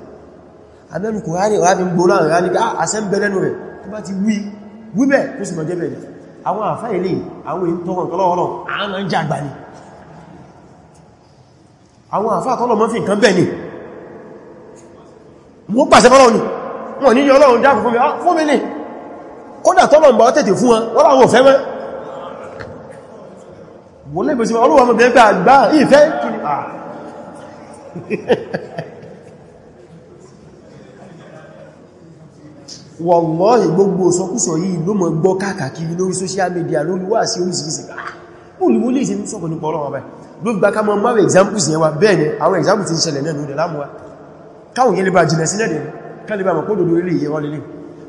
abẹ́nu kòránì wà fi ń gbó láàrin ránì ká àṣẹ ń bẹ́lẹ́nu rẹ̀ tó bá ti wí wíbẹ̀ tó sì mọ̀jẹ́ bẹ̀rẹ̀ àwọn àfá ilé àwọn èyí tọrọ tọ́lọ́ọ̀lọ́ àwọn ń jàgbà ni àwọn àfá tọ́lọ̀ mọ́ fi nǹkan bẹ̀ ni wọ́n pàṣẹ fọ́lọ́ ni wọ́n ní ọlọ́run dákùn fún mi ah, kódà tọ́lọ̀ ń bá tètè fún wọn wọ́n láwọn ò fẹ́ mẹ́ wọ́n lẹ́bẹ̀ sí ọlọ́wọ́ ọmọ bẹ̀ẹ́gbà àgbà ìfẹ́ kìí àà wallahi gbogbo sọkúsọ yìí ló mọ̀ gbọ́ káàkiri lórí social media lórí wà sí oríṣìíṣìí olùwólé ah, ìṣẹ́ ní sọ́kọ̀ nípa ọlọ́wọ́ báyìí ló gbá ká mọ́ márùn examples yẹn wa bẹ́ẹ̀ ni àwọn examples ti ń ṣẹlẹ̀ náà lórí lámúwa káwọn yẹ́ lè bá jìnà sílẹ̀ dẹ̀ kálíbà mọ̀ kódòdó ilé ìyẹ́wọ́ lélẹ̀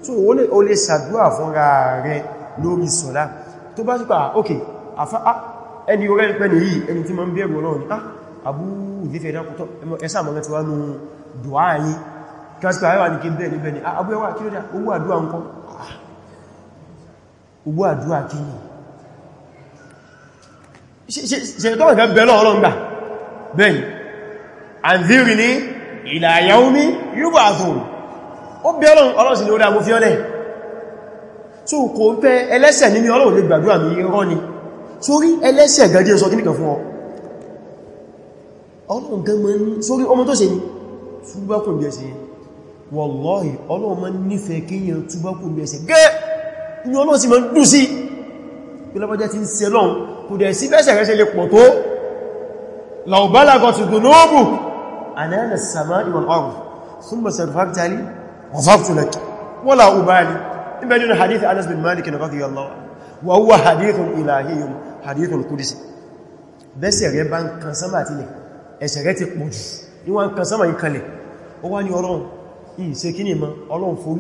so o lè ṣàdúrà fúnra rẹ̀ lórí sọ́lá tó bá sípa ah, okay ah, ẹni orẹ́ ń pẹ́ ní yìí ẹni tí ma ń bẹ̀rù ọlọ́run ah Abu Dhif dákútọ́ ẹsà mọ́lẹ́ ti wá ní dùá yìí kásíkà ẹwà ní kí bẹ́ẹ̀ ní bẹ́ẹ̀ ni ah, Abu ẹwà kí ló dá owó àdúwà ń kọ́ ah, owó àdúwà kí ni ṣe tọ́ ìfẹ́ bẹ́ẹ̀ lọ́ọ̀lọ́ ila yawmi yub'athun ó bẹ́ẹ̀ lọ́n ọlọ́sìn ló dá mo fi ọ́lẹ̀ so kò ń fẹ́ ẹlẹ́sẹ̀ nínú ni sórí ẹlẹ́sẹ̀ gàdí ẹ̀sọ́ kí nìkan fún ọ ọlọ́run gan mọ́ ní sórí ọmọ tó ṣe ní túbákùn bí ẹ̀ṣẹ̀ wallahi ọlọ́run mọ́ nífẹ̀ẹ́ kíyàn túbákùn bí ẹ̀ṣẹ̀ gẹ́ inú ọlọ́run sì mọ́ dùn sí pẹ́lọ́bọ́jẹ́ ti ń ṣe lọ́n kò dẹ̀ sí bẹ́sẹ̀ rẹ̀ ṣe lè pọ̀ tó law balagat dhunubu anana as-samaa'i wal-ardh thumma istaghfarta wa huwa hadithun ilahiyyun hadithun qudsi bẹ́sẹ̀ rẹ bá ń kan sánmà àti ilẹ̀ ẹ̀ṣẹ̀ rẹ ti pọ̀ jù ní wọ́n kan sánmà ìkanlẹ̀ ó wá ní ọlọ́run ìyìn ṣe ilẹ̀kùn ọlọ́run mọ́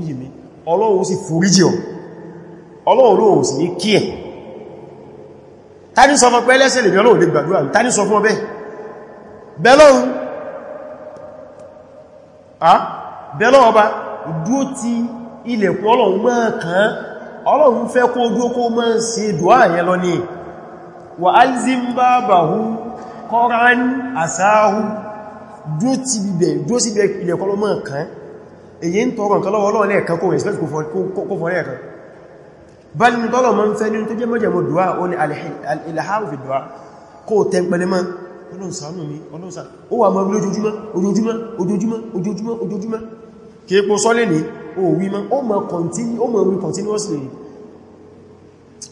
kàn án ọlọ́run fẹ́ kó ojú kó mọ́ sí dùá yẹn lọ ní wà alzimbabahu kọ́ran asáhu dúó ti bíbẹ̀ dúó sí bẹ̀ ilẹ̀ kọlọmọ́ kan èyí ń tọrọ nǹkan lọ́wọ́ ọlọ́run lẹ́ẹ̀kan kó respect kó fọ́ lẹ́ẹ̀kan bá ní tọ́lọ̀ mọ́ ń fẹ́ ní tó jẹ́ mọ́jẹ̀mọ́ dùá ó ní alìlàháwù fi dùá kó tẹ́ pẹ̀lẹ́ mọ́ ọlọ́run ṣàánú mi ọlọ́run ṣàánú ó wà mọ́ ojoojúmọ́ ojoojúmọ́ ojoojúmọ́ ojoojúmọ́ ojoojúmọ́ kí epo sọ́lẹ̀ ní o wí mọ́ o mọ̀ continue o mọ̀ wí continuously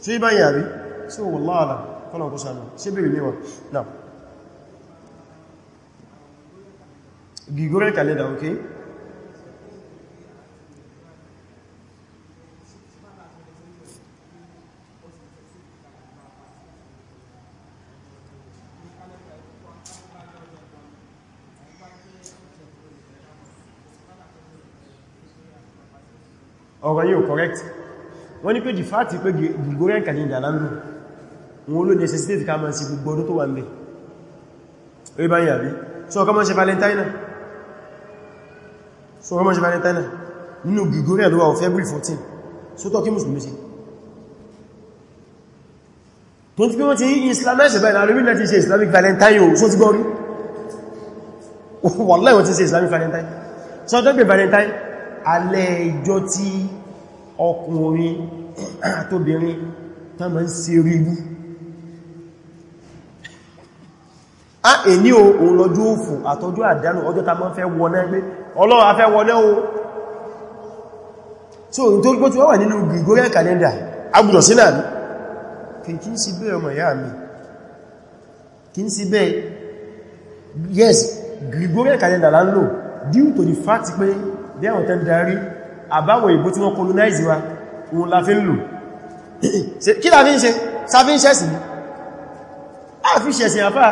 so ibá yàrí so wọ́láàlá kọ́nà kó sàánà sí bèèrè mẹ́wàá náà Gregorian calendar okay ọ̀rọ̀ yíò correct wọ́n ní pé di fàtí pé Gregorian calendar lánú wọn ló necessitate ká máa sí gbogbo ọdún tó wà ń bẹ̀ orí bá ń yàbí so ọkọ̀ máa ṣe valentine so ọkọ̀ máa ṣe valentine nínú Gregorian ló wà February 14 so tọ́ kí mùsùlùmí sí tó ti pé wọ́n ti islamize báyìí na alómi láti ṣe islamic valentine o so ti gbọ́ rí wọ́n láì wọ́n valentine so ọjọ́ gbé valentine alẹ́ ìjọ tí ọkùnrin àtòbìnrin tán ma ń ṣe rígbú a èní òun lọ́jọ́ òfò àtọ́jú àdánù ọjọ́ ta mọ́ fẹ́ wọnẹ́ pé Ọlọ́run a fẹ́ o so n tó gbọ́tí wọ́n wà nínú Gregorian calendar agbùdọ̀ sí náà kì kí n sí bẹ́ẹ̀ ọmọ ìyá mi kì n sí bẹ́ẹ̀ yes Gregorian calendar lá ń lò due to the fact pé bí àwọn tẹ́ ń darí àbáwọ̀ ìbò tí wọ́n colonize wa wọn la fi ń lò kí la fi ń ṣe sáfí ń ṣẹ̀sìn a fi ṣẹ̀sìn àfá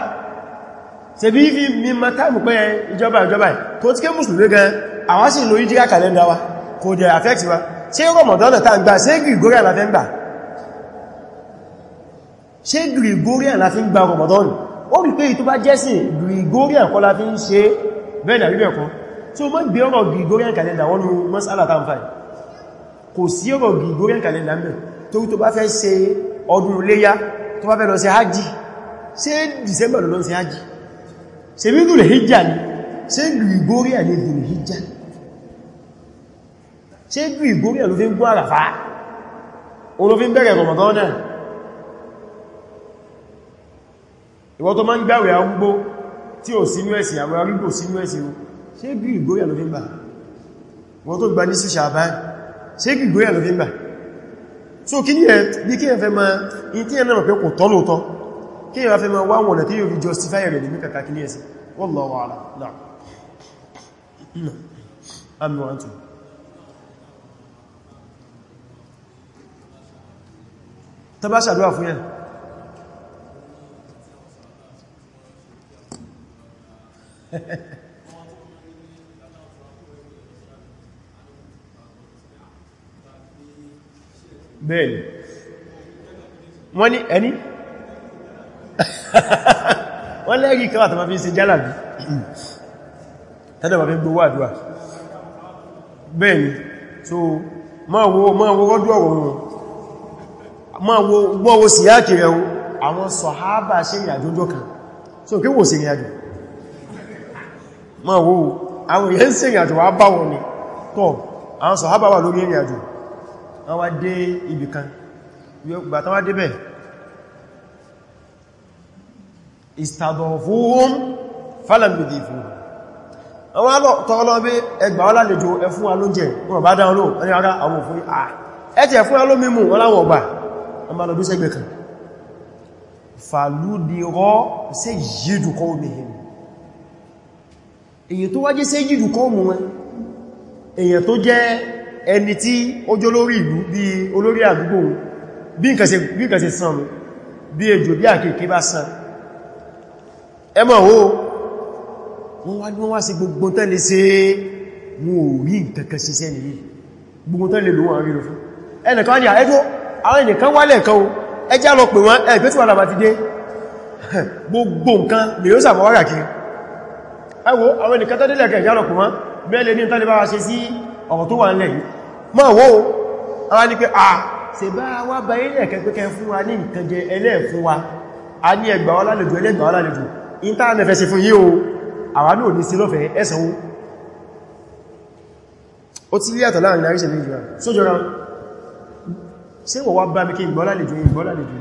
ṣe bí fi mímọ̀ táìmù pé ìjọba ìjọba tó ti ké mùsùlùmí gan àwa sì wa kò jẹ́ affect wa ṣe rọmọdọ́nà tá ń gbà ṣe la fi ń gbà la fi ń gbà rọmọdọ́nà ó rí pé ìtúbá jẹ́sìn Gregorian la fi ń ṣe so mọ́ gbé ọ̀rọ̀ Gregorian calendar wọ́n ní masala tá ń fà kò sí ọ̀rọ̀ Gregorian calendar mẹ́ torí tó bá fẹ́ ṣe ọdún léyá tó bá fẹ́ lọ ṣe hajji ṣe December lọ ṣe hajji ṣe bí dùn hijjá ni ṣe Gregorian ni dùn hijjá ṣe Gregorian ló fi ń gbọ́ àràfà olófin bẹ̀rẹ̀ Ramadan náà ìwọ́n tó máa ń gbàwẹ̀ arúgbó tí ò sínú ẹ̀sìn àwẹ̀ arúgbó sínú ẹ̀sìn ṣé gírígóríà ló fi ń bà wọ́n tó gba ní sí ṣàbá ṣé gírígóríà ló fi ń bà so kí ní ẹ̀ bí kí ẹ fẹ́ ma in tí ẹ náà pẹ́ kò tọ́ lóòtọ́ kí ẹ fẹ́ ma wá wọ̀nà tí yóò fi justify rẹ̀ ní kàkà kí ní bẹ́ẹ̀ni wọ́n ní ẹni wọ́n lẹ́gì kan àtàmà fi ṣe jálàbí tẹ́lẹ̀mà fi gbówó àdúwà bẹ́ẹ̀ni so ma wo ma rọ́dú ọ̀rọ̀ wọn ma wo gbọ́wọ́ sí ákìrẹ àwọn sọ̀hábà ṣe ìrìnàjò kan so kí wò sí ìrìnàjò máa wo àwọn èyẹ́ ń sí ìrìnàjò wà báwọn ni tọ́ àwọn sọ̀hábà wà lórí ìrìnàjò wọ́n wá dé ibì kan gbà tán wá débẹ̀ ìstàdọ̀fún fàlàmìdìfún àwọn alọ́tọ́ọlọ́bí ẹgbà wọ́n lálejò ẹfún alóúnjẹ wọ́n bá dáwọn lóò ẹni ara àwọn òfin àà ẹ̀tẹ̀ fún alómímù ah, wọ́n láwọn ọgbà wọ́n bá lọ́dún sẹ́gbẹ̀ kan fàlúdìrọ́ sí yídùkọ́ omihin èyí tó wájé sí yídùkọ́ omi wọn èyí tó jẹ́ ẹni tí ó jọ lórí ìlú bí olórí àdúgbò bí nǹkan ṣe sàn bí ejò bí àkèké bá sàn ẹmọ̀ ó wọ́n wá ní wọ́n wá sí gbogbo tán lè ṣe wọn ò rí nǹkankan ṣiṣẹ́ nìyí gbogbo tán lè lò wọ́n rí lọ fún ẹnìkan ní àẹ́gbó àwọn ènìyàn wálẹ̀ kan o ẹjá lọ pè wọ́n ẹgbẹ́ tí wà lábàtí dé gbogbo nǹkan lè yóò sàbọ̀wárà kiri ní tán ṣe sí ọ̀rọ̀ tó wà ń lẹ̀ yìí ma wo ara ní pé à ṣe bá wá bá ilẹ̀ kẹ́kẹ́kẹ́ fún wa ní nǹkan jẹ ẹlẹ́ fún wa a ní ẹgbà wá lálejò ẹlẹ́gbà wá lálejò intanẹfẹ́ sí fún yí o àwa ní òní sí lọ́fẹ̀ẹ́ ẹ̀sànwó ó ti rí àtọ̀ láàrin àríṣẹ́ méjì wa sójọra ṣe wọ̀ wá bá mi kí ìgbọ́ lálejò ìgbọ́ lálejò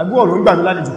agbóòrùn gbà lálejò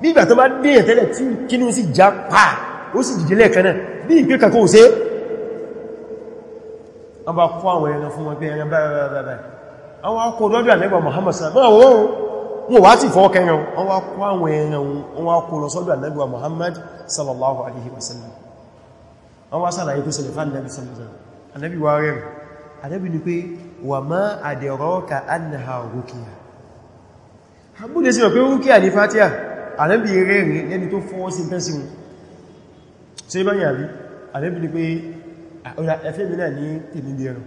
bí ìgbà tó bá dèyàn tẹ́lẹ̀ tí kínú sí já pàá ó sì dìde lẹ́ẹ̀kanáà bí ìpé kàkó ò sé wọ́n bá kó àwọn ẹran fún wọn pé ẹran báyìí àwọn akọ lọ́dọ̀ ànẹ́gbà Muhammad sallallahu alaihi wasallam ànábì rẹ̀rìn lẹ́ni tó fún wọ́n sí tẹ́sí wọn tí bá yàrí ànábì ni pé ọ̀rọ̀ ẹfẹ́ mi náà ní tèmi bí ẹran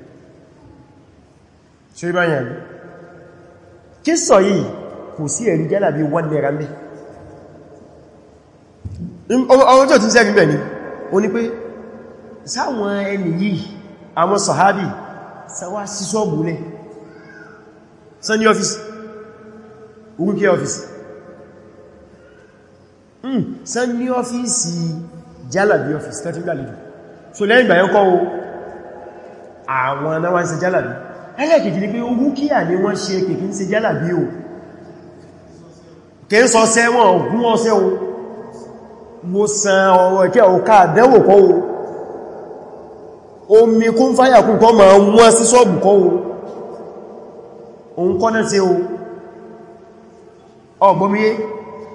tí bá yàrí kí sọ yìí kò sí ẹ̀rí gẹ́là bí wọ́n nẹ́ra mẹ́ ọjọ́ tí sẹ́rí bẹ̀ ni o ní pé sáwọn ẹni yìí àwọn sàhábì sáwá sí sọ́ọ̀bù lẹ́ sẹ́ni ọ́fíìsì orúkẹ́ ọ́fíìsì sán hmm, ní ọ́fíìsì jálàbí ọ́fíìsì tó ti gbàlejò so lẹ́yìn ìgbà yẹn kọ́ o àwọn anáwà ń ṣe jálàbí ẹlẹ́kìkì ni pé ó rúkíà ní wọ́n ṣe kìkì ń ṣe jálàbí o kí ń sọ sẹ́wọ̀n ogún ọsẹ́ o mo san ọ̀rọ̀ ẹ̀kẹ́ ọ̀ká àdẹ́wò kọ́ o omi kún fáyàkún kọ́ ma wọ́n sí sọ́ọ̀bù kọ́ o òun kọ́ náà ṣe o ọgbọ́míyé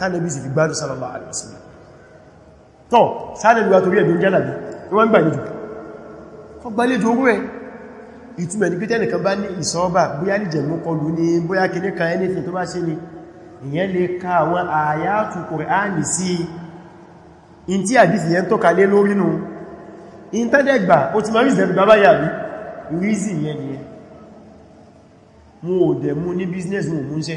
tánàbí sì fi gbádùn sallallahu alaihi wasallam tọ́ sáàdẹ̀lúwà torí ẹ̀dùn jálàbí wọ́n gbàlejò wọ́n gbàlejò ogún ẹ̀ ìtumẹ̀ ní pété nìkan bá ní ìsọ́ọ́bà bóyá lè jẹ̀mú kọlù ní bóyá kìní kan anything tó bá ṣe ni ìyẹn lè ka àwọn àyàtù Kùránì sí in tí àdífì yẹn tó kalé lórí nù ìntẹ́dẹ̀gbà ó ti máa rí ìzẹ̀gbà bá yàbí rízì yẹn ni mo ò dẹ̀ mú ní business mo mú ń ṣe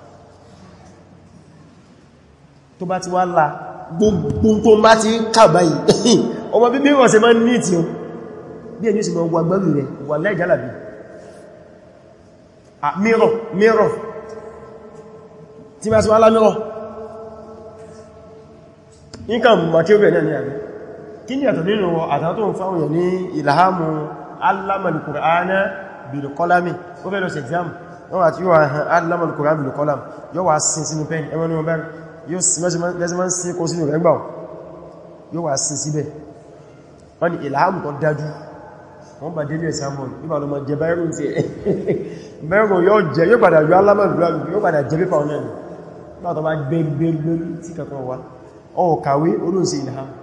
tó bá ti wá la gbogbo tó bá ti kàbá yìí ọmọ bíbí wọ́n ṣe máa ní ìtì bí ẹni sì mọ̀ wà gbẹ́rù rẹ̀ wà láìjálàbí mírọ̀ mírọ̀ tí bá ti wá lámírọ̀ nǹkan mọ̀kíwẹ̀ kí ni àtọ̀ nínú àtàtò fáwọn èèyàn ní ìlàhámù alámàlùkùránà bìlùkọ́lámì ó fẹ́ lọ sí exam wọ́n àti yóò àhàn alámàlùkùránà bìlùkọ́lámì yóò wá sin sínú pẹ́ni ẹmọ́ wọ́n bẹ́rẹ̀ yóò sí kó sínú rẹ̀ gbà yóò wà sí síbẹ̀ wọ́n ni ìlàámù tó dájú wọ́n bá délé ẹ̀sàmọ̀ nígbà lọ ma jẹ báyẹ̀rùn tí mẹ́rùn yóò jẹ yóò padà yóò alámọ̀lúwà yóò padà jẹ pípa ọ̀nà nígbà tó bá gbẹ̀gbẹ̀gbẹ̀ tí kankan wá ó kàwé olóòsì ìlàámù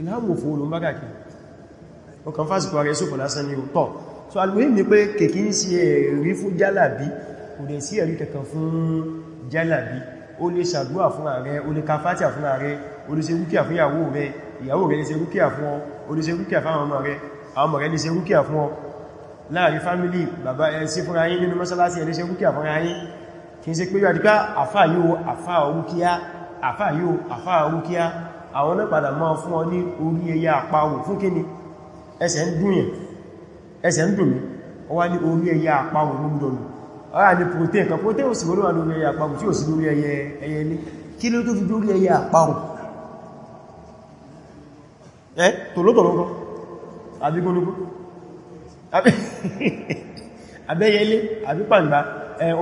ìlàámù fún olùmbákàkì ọkàn fásikò rẹ̀ sókò lásán ni ó tọ́ so alùhìn ni pé kèkí ń sí ẹ̀rí fún jálàbí kò dẹ̀ sí ẹ̀rí kankan fún jálàbí ó lè ṣàdúwà fún ààrẹ ó lè kafátíà fún ààrẹ ó lè ṣe rúkíà fún ìyàwó rẹ ìyàwó rẹ lè ṣe rúkíà fún ọ ó lè ṣe rúkíà fún àwọn ọmọ rẹ àwọn ọmọ rẹ lè ṣe rúkíà fún ọ láàrin fámílì bàbá ẹ sí fúnra yín nínú mọ́sálásí ẹ lè ṣe rúkíà fúnra yín kí n ṣe pé yàdíká àfà yóò àfà rúkíà àfà yóò àfà rúkíà àwọn náà padà máa fún ọ ní orí ẹyà àpawò fún kíni ẹsẹ̀ ń dùn yẹn ẹsẹ̀ ń dùn mí ọ wá ní orí ẹyà àpawò gbogbo ọ̀rá ní protein kan protein òsì olówà lórí ẹyẹ àparò tí ò sí lórí ẹyẹ ẹyẹ ilé kí ló tó fi lórí ẹyẹ àparò ẹ́ tòlótòlógún àbí gbólógún àbẹ́yẹ ilé àbí pàǹgbà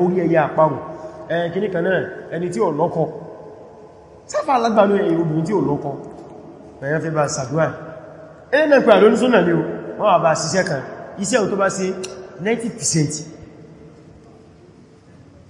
orí ẹyẹ àparò kìní kan náà ẹni tí ò lọ́kọ sáfà alágbàánú ẹ̀yẹ obìnrin tí ò lọ́kọ ẹ̀yẹn fẹ́ bá sàdúrà ẹ̀yẹn náà pẹ̀lú oníṣúnà ni ó wọ́n wà bá ṣiṣẹ́ kan iṣẹ́ ò tó bá sí 90%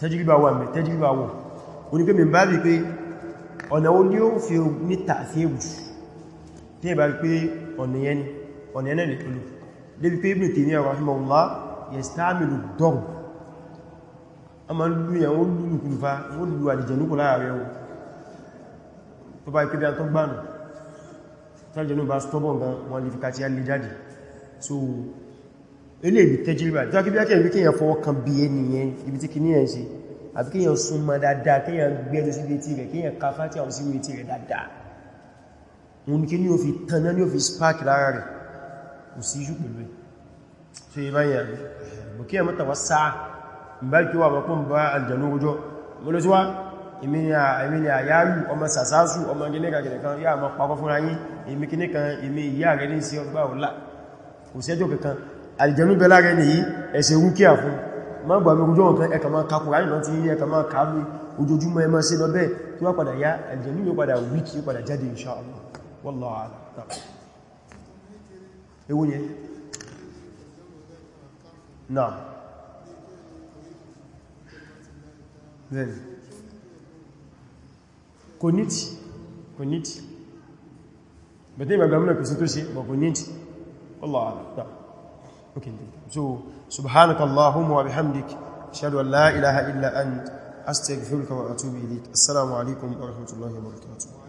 tẹ́jìríbà wà mẹ́ tẹ́jìríbà wọ̀ oníkẹ́ mi bá rí pé ọ̀nà ó ní ó fi ní tààfíèbù tí ẹ̀bá rí pé ọ̀nà yẹn ọ̀nà yẹn lè pẹ̀lú débi pé Ibn Taymiyyah rahimahullah yastamilu dọ́rù a ma lú yẹn ó lúlù kúrùfà ó lù àdìjẹ̀núkù ilé ìbí tẹ́jìrìbà tí a kí bí ákẹ́ ìbí kíyàn fọwọ́ kan bí ẹni yẹn ibi tí kì ní ẹ̀ṣe àbí kíyàn súnmọ́ dáadáa kíyàn gbẹ́nu sí ibi tí rẹ̀ kíyàn ka fátí àwọn sí ibi tí rẹ̀ dáadáa wọn kí ní o fi tanná ní o fi spark lára rẹ̀ kò sí iṣu pẹ̀lú ẹ̀ so ibá yẹn sí wá kankan àlìjẹ̀nú bẹ̀lá rẹ̀ nìyí ẹ̀ṣẹ̀ wúkíà fún ma gbà mẹ́rù jọ ọ̀kan ẹka ma kàkùrá nìlọ tí ẹka ma kàárí ojoojúmọ́ ẹmọ́ sí lọ bẹ́ẹ̀ tí wá padà yá àlìjẹ̀nú yóò padà wíkí yóò padà jáde insha Allah wallahu Okay. So, subhanaka Allahumma wa bihamdik, ashhadu an la ilaha illa ant, astaghfiruka wa atubu ilayk. Assalamu alaikum wa rahmatullahi wa barakatuh.